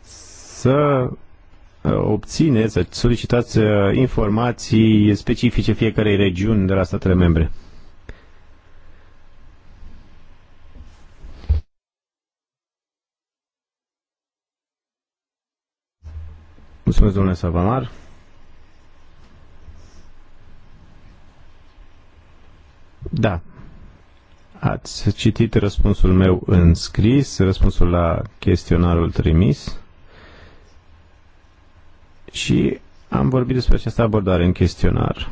să uh, obțineți, să solicitați uh, informații specifice fiecarei regiuni de la statele membre. Mulțumesc, domnule Savamar. Da. Ați citit răspunsul meu în scris, răspunsul la chestionarul trimis și am vorbit despre această abordare în chestionar.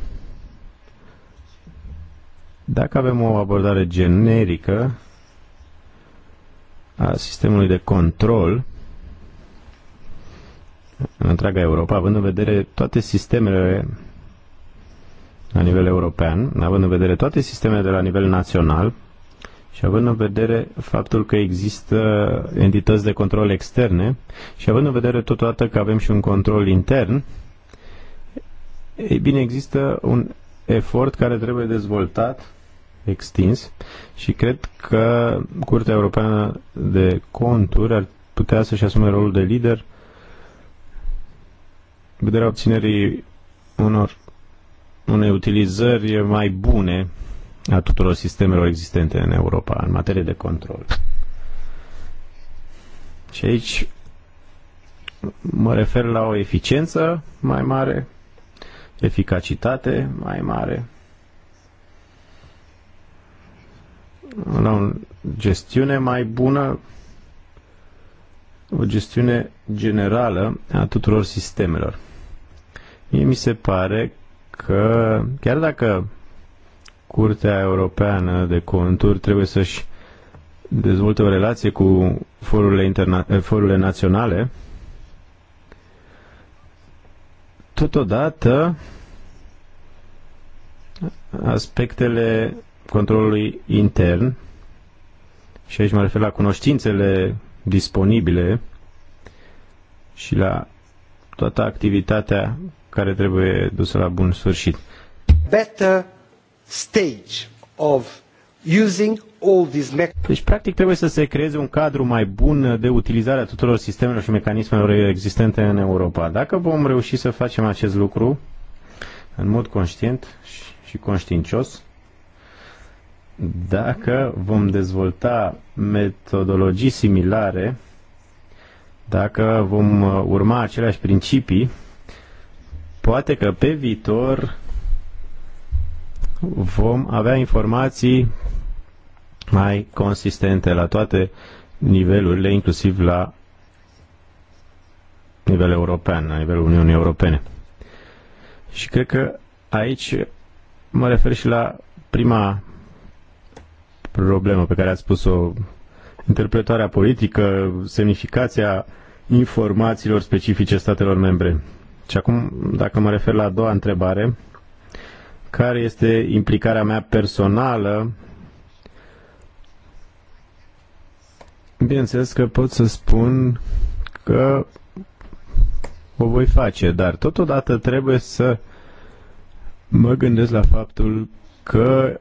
Dacă avem o abordare generică a sistemului de control, în întreaga Europa, având în vedere toate sistemele la nivel european, având în vedere toate sistemele de la nivel național și având în vedere faptul că există entități de control externe și având în vedere totodată că avem și un control intern, ei bine, există un efort care trebuie dezvoltat, extins și cred că Curtea Europeană de Conturi ar putea să-și asume rolul de lider vederea obținerii unor unei utilizări mai bune a tuturor sistemelor existente în Europa în materie de control. Și aici mă refer la o eficiență mai mare, eficacitate mai mare, la o gestiune mai bună, o gestiune generală a tuturor sistemelor. Mie mi se pare că chiar dacă Curtea Europeană de Conturi trebuie să-și dezvolte o relație cu forurile, interna- eh, forurile naționale, totodată aspectele controlului intern, și aici mă refer la cunoștințele disponibile și la toată activitatea care trebuie dusă la bun sfârșit. Better stage of using all these deci, practic, trebuie să se creeze un cadru mai bun de utilizare a tuturor sistemelor și mecanismelor existente în Europa. Dacă vom reuși să facem acest lucru în mod conștient și conștiincios, dacă vom dezvolta metodologii similare, dacă vom urma aceleași principii, Poate că pe viitor vom avea informații mai consistente la toate nivelurile, inclusiv la nivel european, la nivelul Uniunii Europene. Și cred că aici mă refer și la prima problemă pe care ați spus-o, interpretarea politică, semnificația informațiilor specifice statelor membre. Și acum, dacă mă refer la a doua întrebare, care este implicarea mea personală? Bineînțeles că pot să spun că o voi face, dar totodată trebuie să mă gândesc la faptul că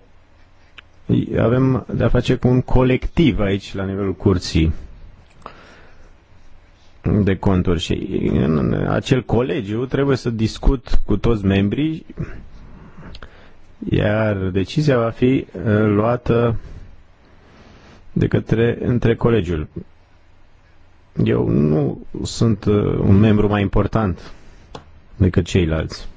avem de-a face cu un colectiv aici la nivelul curții de conturi și în acel colegiu trebuie să discut cu toți membrii iar decizia va fi uh, luată de către între colegiul. Eu nu sunt uh, un membru mai important decât ceilalți.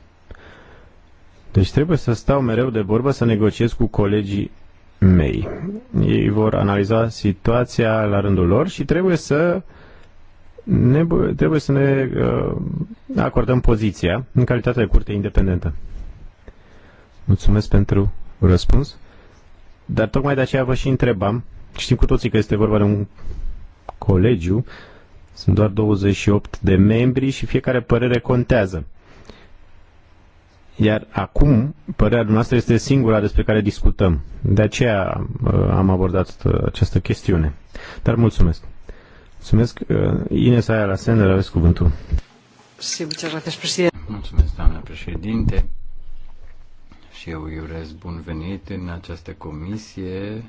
Deci trebuie să stau mereu de vorbă să negociez cu colegii mei. Ei vor analiza situația la rândul lor și trebuie să ne, trebuie să ne uh, acordăm poziția în calitate de curte independentă. Mulțumesc pentru răspuns. Dar tocmai de aceea vă și întrebam, știm cu toții că este vorba de un colegiu, sunt doar 28 de membri și fiecare părere contează. Iar acum, părerea noastră este singura despre care discutăm. De aceea uh, am abordat uh, această chestiune. Dar mulțumesc. Mulțumesc. Uh, Ines Aia la Sender, aveți cuvântul. Mulțumesc, doamnă președinte. Și eu îi urez bun venit în această comisie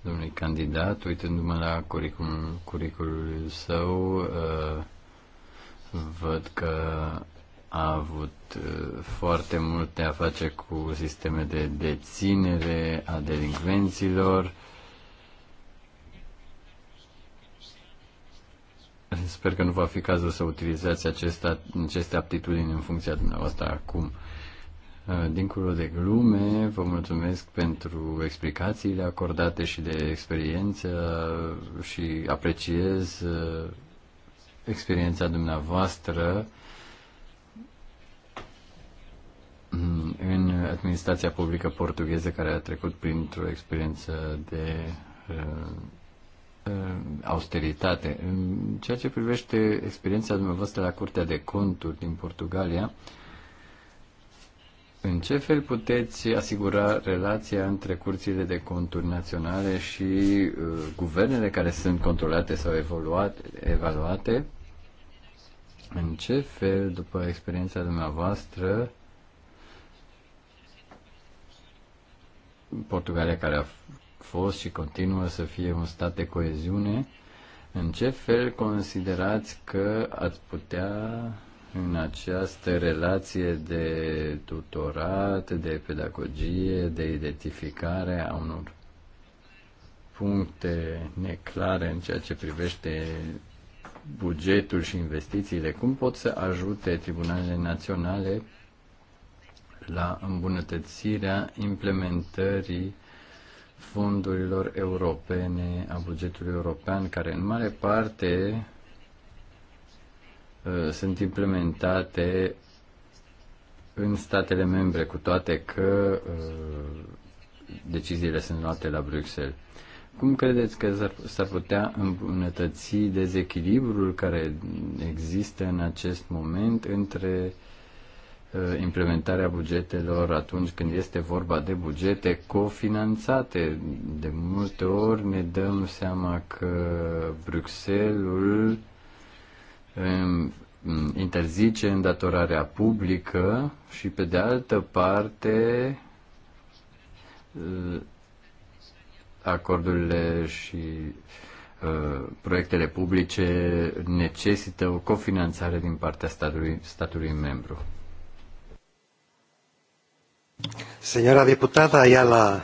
domnului candidat, uitându-mă la curiculul, curiculul său, uh, văd că a avut uh, foarte multe a face cu sisteme de deținere a delincvenților, Sper că nu va fi cazul să utilizați acesta, aceste aptitudini în funcția dumneavoastră acum. Uh, dincolo de glume, vă mulțumesc pentru explicațiile acordate și de experiență și apreciez uh, experiența dumneavoastră mm, în administrația publică portugheză care a trecut printr-o experiență de uh, Uh, austeritate. În ceea ce privește experiența dumneavoastră la Curtea de Conturi din Portugalia, în ce fel puteți asigura relația între curțile de conturi naționale și uh, guvernele care sunt controlate sau evoluate, evaluate? În ce fel, după experiența dumneavoastră, Portugalia care a fost și continuă să fie un stat de coeziune, în ce fel considerați că ați putea în această relație de tutorat, de pedagogie, de identificare a unor puncte neclare în ceea ce privește bugetul și investițiile, cum pot să ajute tribunalele naționale la îmbunătățirea implementării fondurilor europene, a bugetului european, care în mare parte uh, sunt implementate în statele membre, cu toate că uh, deciziile sunt luate la Bruxelles. Cum credeți că s-ar putea îmbunătăți dezechilibrul care există în acest moment între uh, Uh, implementarea bugetelor atunci când este vorba de bugete cofinanțate. De multe ori ne dăm seama că Bruxelles um, interzice îndatorarea publică și pe de altă parte uh, acordurile și uh, proiectele publice necesită o cofinanțare din partea statului, statului membru. Señora Ayala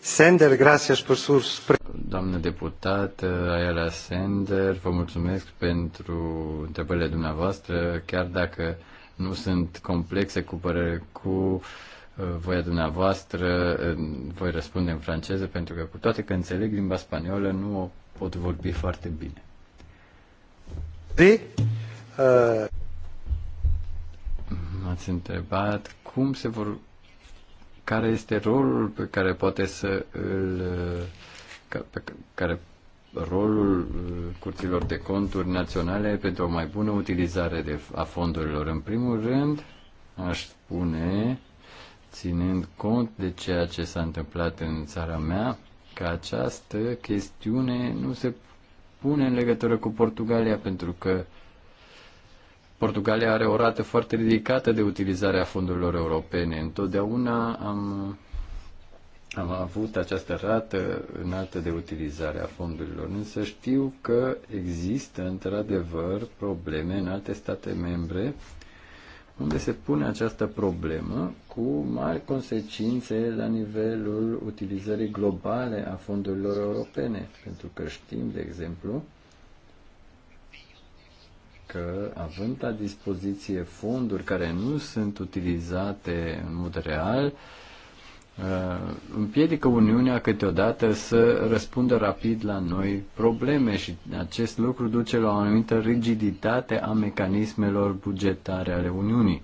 Sender, gracias por sus... Doamnă deputată Ayala Sender, vă mulțumesc pentru întrebările dumneavoastră, chiar dacă nu sunt complexe cu părere cu uh, voia dumneavoastră, voi răspunde în franceză, pentru că cu toate că înțeleg limba spaniolă, nu o pot vorbi foarte bine. De? Uh... M-ați întrebat cum se vor care este rolul pe care poate să îl pe care rolul uh, curților de conturi naționale pentru o mai bună utilizare de, a fondurilor. În primul rând, aș spune, ținând cont de ceea ce s-a întâmplat în țara mea, că această chestiune nu se pune în legătură cu Portugalia, pentru că Portugalia are o rată foarte ridicată de utilizare a fondurilor europene. Întotdeauna am, am avut această rată înaltă de utilizare a fondurilor, însă știu că există într-adevăr probleme în alte state membre unde se pune această problemă cu mari consecințe la nivelul utilizării globale a fondurilor europene, pentru că știm, de exemplu, că având la dispoziție fonduri care nu sunt utilizate în mod real, uh, împiedică Uniunea câteodată să răspundă rapid la noi probleme și acest lucru duce la o anumită rigiditate a mecanismelor bugetare ale Uniunii.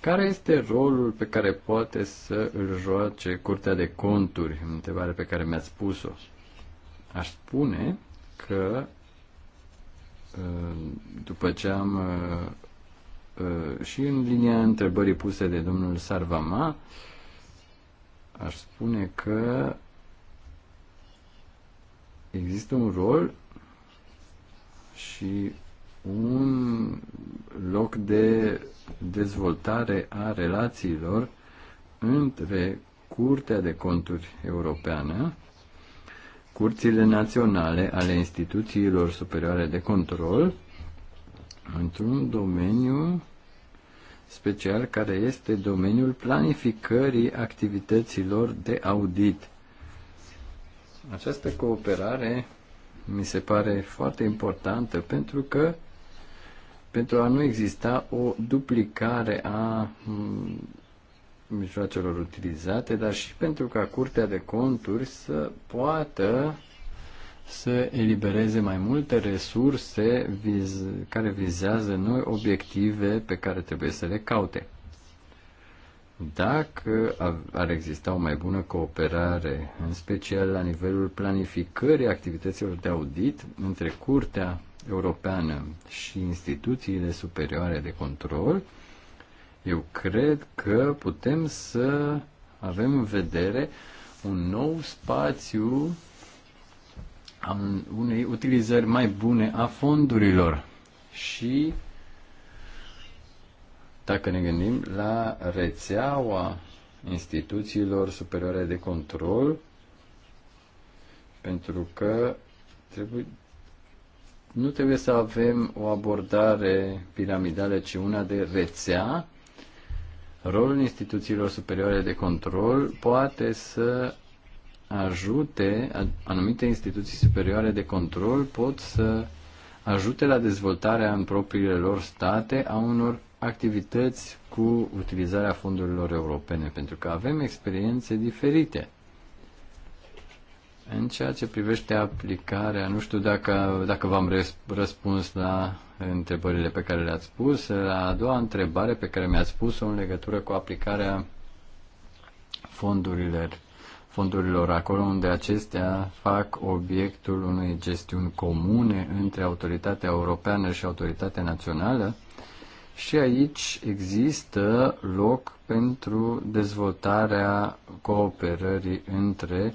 Care este rolul pe care poate să îl joace Curtea de Conturi? Întrebare pe care mi-ați spus-o. Aș spune că după ce am și în linia întrebării puse de domnul Sarvama, aș spune că există un rol și un loc de dezvoltare a relațiilor între Curtea de Conturi Europeană curțile naționale ale instituțiilor superioare de control într-un domeniu special care este domeniul planificării activităților de audit. Această cooperare mi se pare foarte importantă pentru că pentru a nu exista o duplicare a mijloacelor utilizate, dar și pentru ca Curtea de Conturi să poată să elibereze mai multe resurse viz, care vizează noi obiective pe care trebuie să le caute. Dacă ar exista o mai bună cooperare, în special la nivelul planificării activităților de audit între Curtea Europeană și instituțiile superioare de control, eu cred că putem să avem în vedere un nou spațiu a unei utilizări mai bune a fondurilor și dacă ne gândim la rețeaua instituțiilor superioare de control, pentru că trebuie, nu trebuie să avem o abordare piramidală, ci una de rețea Rolul instituțiilor superioare de control poate să ajute, anumite instituții superioare de control pot să ajute la dezvoltarea în propriile lor state a unor activități cu utilizarea fondurilor europene, pentru că avem experiențe diferite în ceea ce privește aplicarea, nu știu dacă, dacă v-am răspuns la întrebările pe care le-ați pus. La a doua întrebare pe care mi-ați pus-o în legătură cu aplicarea fondurilor, fondurilor acolo unde acestea fac obiectul unei gestiuni comune între autoritatea europeană și autoritatea națională, și aici există loc pentru dezvoltarea cooperării între uh,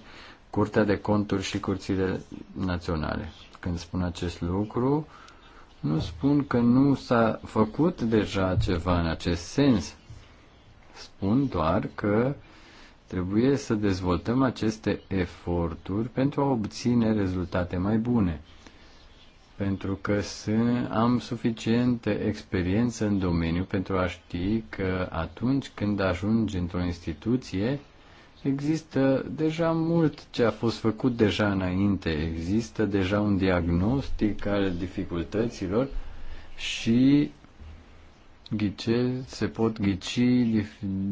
Curtea de Conturi și Curțile Naționale. Când spun acest lucru, nu spun că nu s-a făcut deja ceva în acest sens. Spun doar că trebuie să dezvoltăm aceste eforturi pentru a obține rezultate mai bune. Pentru că sunt, am suficientă experiență în domeniu pentru a ști că atunci când ajungi într-o instituție, Există deja mult ce a fost făcut deja înainte, există deja un diagnostic al dificultăților și ghice, se pot ghici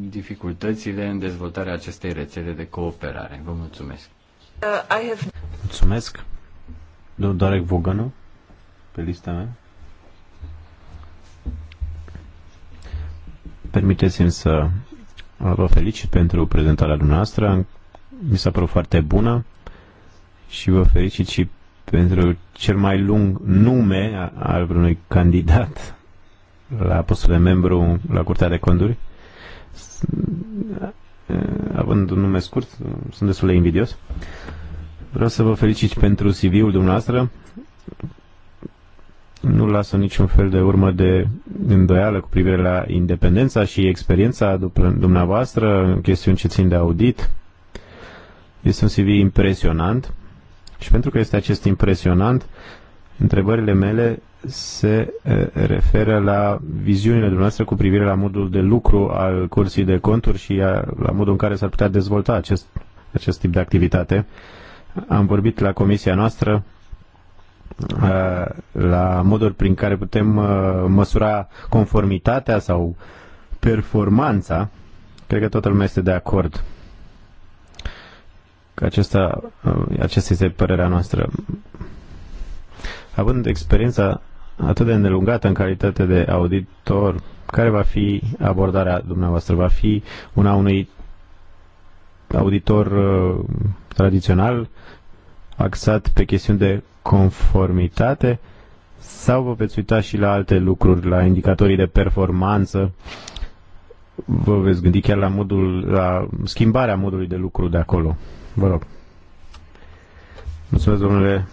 dificultățile în dezvoltarea acestei rețele de cooperare. Vă mulțumesc. Uh, I have... Mulțumesc. Domnul Darek Voganu, pe lista mea. Permiteți-mi să Vă felicit pentru prezentarea dumneavoastră. Mi s-a părut foarte bună și vă felicit și pentru cel mai lung nume al vreunui candidat la postul de membru la Curtea de Conduri. Având un nume scurt, sunt destul de invidios. Vreau să vă felicit pentru CV-ul dumneavoastră nu lasă niciun fel de urmă de îndoială cu privire la independența și experiența dumneavoastră în chestiuni ce țin de audit. Este un CV impresionant și pentru că este acest impresionant, întrebările mele se referă la viziunile dumneavoastră cu privire la modul de lucru al cursii de Conturi și la modul în care s-ar putea dezvolta acest, acest tip de activitate. Am vorbit la comisia noastră Uh, la modul prin care putem uh, măsura conformitatea sau performanța, cred că toată lumea este de acord. Că acesta, uh, aceasta este părerea noastră. Având experiența atât de îndelungată în calitate de auditor, care va fi abordarea dumneavoastră? Va fi una unui auditor uh, tradițional axat pe chestiuni de conformitate sau vă veți uita și la alte lucruri, la indicatorii de performanță? Vă veți gândi chiar la, modul, la schimbarea modului de lucru de acolo? Vă rog. Mulțumesc, domnule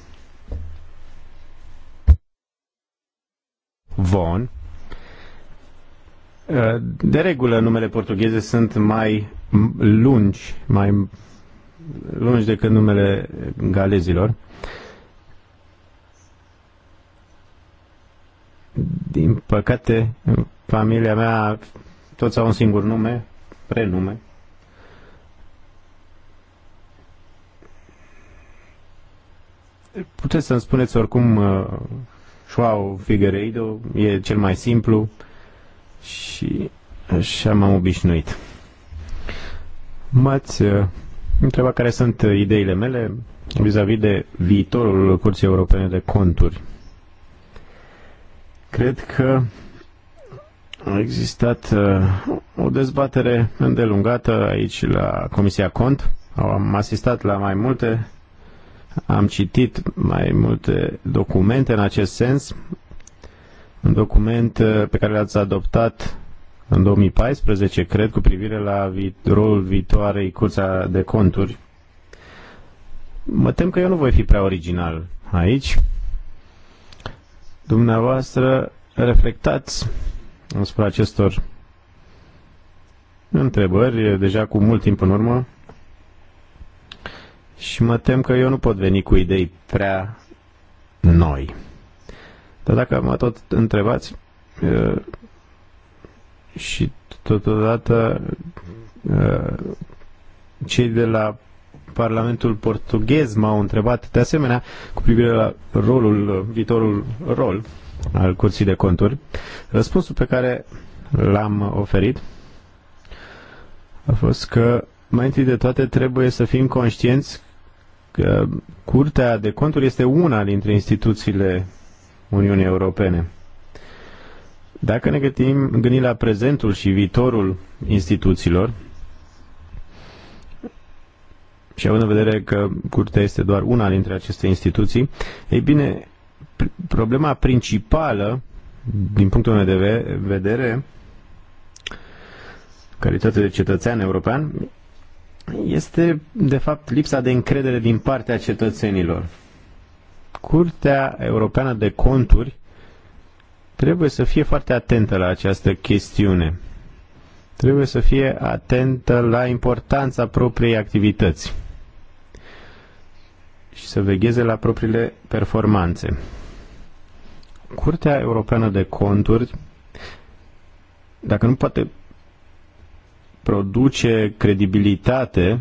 Von. De regulă, numele portugheze sunt mai lungi, mai lungi decât numele galezilor. Din păcate, familia mea toți au un singur nume, prenume. Puteți să-mi spuneți oricum uh, Joao Figueiredo e cel mai simplu și așa m-am obișnuit. M-ați uh, întreba care sunt uh, ideile mele vis-a-vis -vis de viitorul Curții Europene de Conturi. Cred că a existat uh, o dezbatere îndelungată aici la Comisia Cont. Am asistat la mai multe, am citit mai multe documente în acest sens. Un document uh, pe care l-ați adoptat în 2014, cred, cu privire la vi rolul viitoarei curța de conturi. Mă tem că eu nu voi fi prea original aici. Dumneavoastră reflectați asupra acestor întrebări deja cu mult timp în urmă și mă tem că eu nu pot veni cu idei prea noi. Dar dacă mă tot întrebați, și totodată uh, cei de la Parlamentul portughez m-au întrebat de asemenea cu privire la rolul, uh, viitorul rol al Curții de Conturi. Răspunsul pe care l-am oferit a fost că mai întâi de toate trebuie să fim conștienți că Curtea de Conturi este una dintre instituțiile Uniunii Europene. Dacă ne gândim, gândim la prezentul și viitorul instituțiilor, și având în vedere că curtea este doar una dintre aceste instituții, ei bine, problema principală, din punctul meu de vedere, calitate de cetățean european, este, de fapt, lipsa de încredere din partea cetățenilor. Curtea Europeană de Conturi trebuie să fie foarte atentă la această chestiune. Trebuie să fie atentă la importanța propriei activități și să vegheze la propriile performanțe. Curtea Europeană de Conturi, dacă nu poate produce credibilitate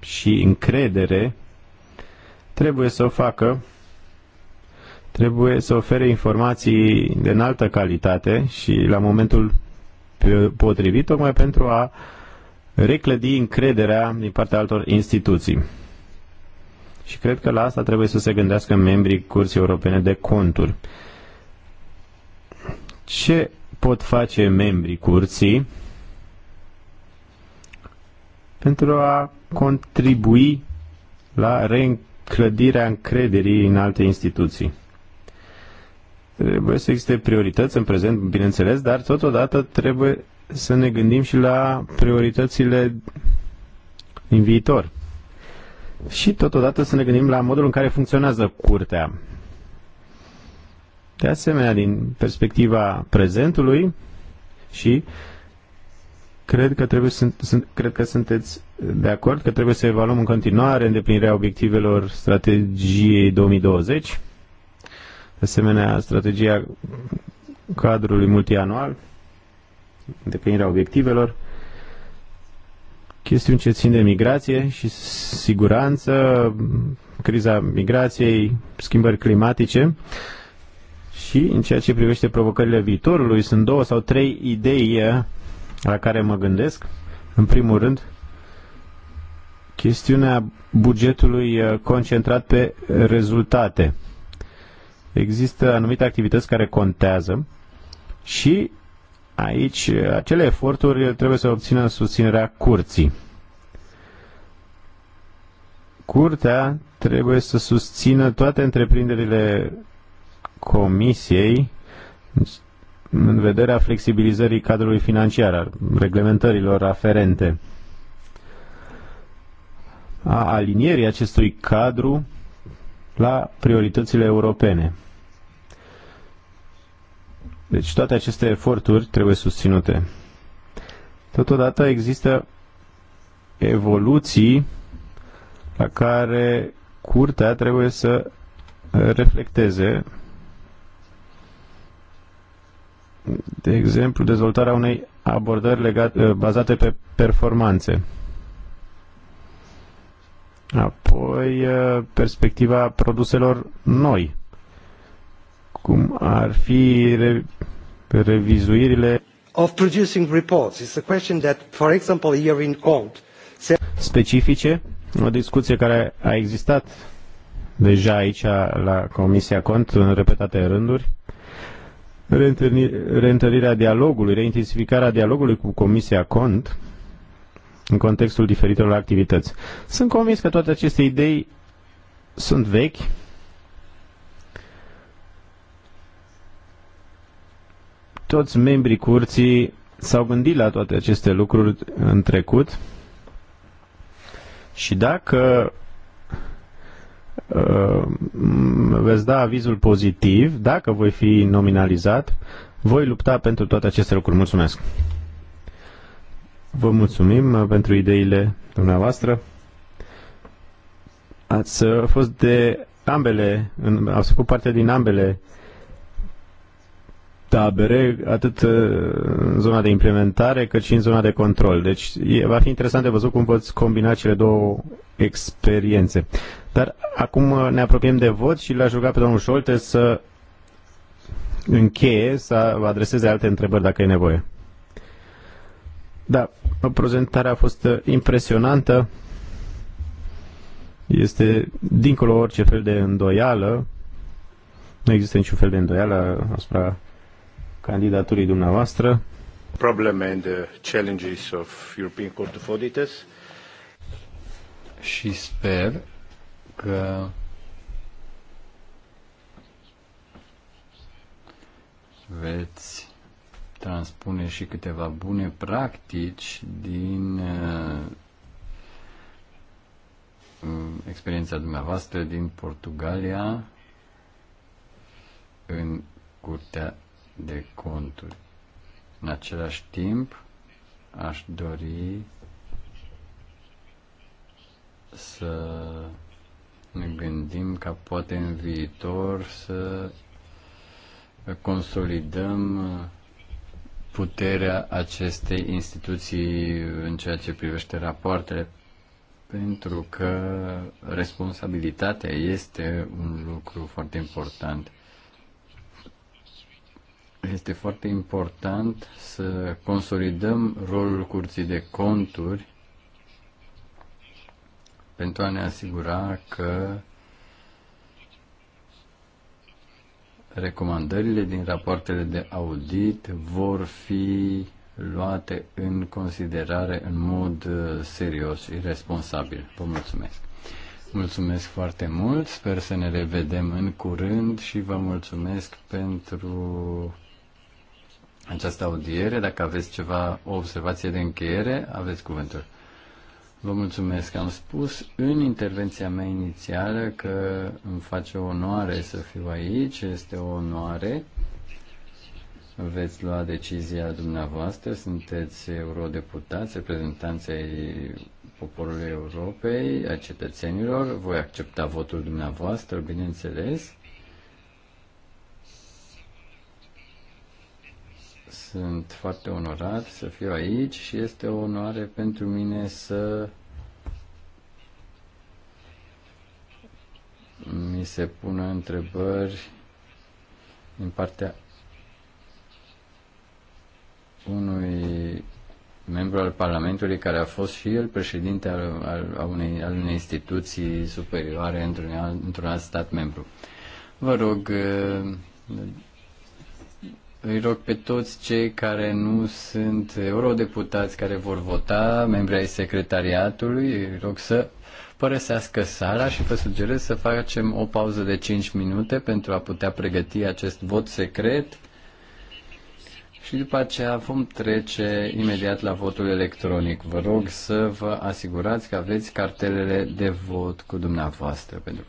și încredere, trebuie să o facă trebuie să ofere informații de înaltă calitate și la momentul potrivit, tocmai pentru a reclădi încrederea din partea altor instituții. Și cred că la asta trebuie să se gândească membrii Curții Europene de Conturi. Ce pot face membrii Curții pentru a contribui la reînclădirea încrederii în alte instituții? Trebuie să existe priorități în prezent, bineînțeles, dar totodată trebuie să ne gândim și la prioritățile în viitor. Și totodată să ne gândim la modul în care funcționează curtea. De asemenea, din perspectiva prezentului și cred că, trebuie, sunt, sunt, cred că sunteți de acord că trebuie să evaluăm în continuare îndeplinirea obiectivelor strategiei 2020 asemenea strategia cadrului multianual, îndeplinirea obiectivelor, chestiuni ce țin de migrație și siguranță, criza migrației, schimbări climatice și în ceea ce privește provocările viitorului sunt două sau trei idei la care mă gândesc. În primul rând, chestiunea bugetului concentrat pe rezultate – există anumite activități care contează și aici acele eforturi trebuie să obțină susținerea curții. Curtea trebuie să susțină toate întreprinderile comisiei în vederea flexibilizării cadrului financiar, reglementărilor aferente, a alinierii acestui cadru la prioritățile europene. Deci toate aceste eforturi trebuie susținute. Totodată există evoluții la care curtea trebuie să reflecteze de exemplu, dezvoltarea unei abordări legate, eh, bazate pe performanțe. Apoi, eh, perspectiva produselor noi cum ar fi re, revizuirile of producing reports. It's a question that, for example, here in court, specifice, o discuție care a existat deja aici la Comisia Cont în repetate rânduri, reîntărirea dialogului, reintensificarea dialogului cu Comisia Cont în contextul diferitelor activități. Sunt convins că toate aceste idei sunt vechi Toți membrii curții s-au gândit la toate aceste lucruri în trecut și dacă uh, veți da avizul pozitiv, dacă voi fi nominalizat, voi lupta pentru toate aceste lucruri. Mulțumesc! Vă mulțumim uh, pentru ideile dumneavoastră. Ați uh, fost de ambele, ați făcut parte din ambele tabere, atât uh, în zona de implementare, cât și în zona de control. Deci va fi interesant de văzut cum poți combina cele două experiențe. Dar acum uh, ne apropiem de vot și l-aș ruga pe domnul Șolte să încheie, să vă adreseze alte întrebări dacă e nevoie. Da, prezentarea a fost uh, impresionantă. Este dincolo orice fel de îndoială. Nu există niciun fel de îndoială asupra candidaturii dumneavoastră. Problem and the uh, challenges of European Court of Auditors. Și sper că veți transpune și câteva bune practici din uh, experiența dumneavoastră din Portugalia în Curtea de conturi. În același timp, aș dori să ne gândim ca poate în viitor să consolidăm puterea acestei instituții în ceea ce privește rapoartele, pentru că responsabilitatea este un lucru foarte important este foarte important să consolidăm rolul curții de conturi pentru a ne asigura că recomandările din rapoartele de audit vor fi luate în considerare în mod uh, serios și responsabil. Vă mulțumesc! Mulțumesc foarte mult, sper să ne revedem în curând și vă mulțumesc pentru această audiere. Dacă aveți ceva, o observație de încheiere, aveți cuvântul. Vă mulțumesc. Am spus în intervenția mea inițială că îmi face o onoare să fiu aici, este o onoare. Veți lua decizia dumneavoastră, sunteți eurodeputați, reprezentanței poporului Europei, a cetățenilor, voi accepta votul dumneavoastră, bineînțeles. Sunt foarte onorat să fiu aici și este o onoare pentru mine să mi se pună întrebări din partea unui membru al Parlamentului care a fost și el președinte al, al, al, unei, al unei instituții superioare într-un alt, într alt stat membru. Vă rog, îi rog pe toți cei care nu sunt eurodeputați care vor vota, membri ai secretariatului, îi rog să părăsească sala și vă sugerez să facem o pauză de 5 minute pentru a putea pregăti acest vot secret și după aceea vom trece imediat la votul electronic. Vă rog să vă asigurați că aveți cartelele de vot cu dumneavoastră pentru că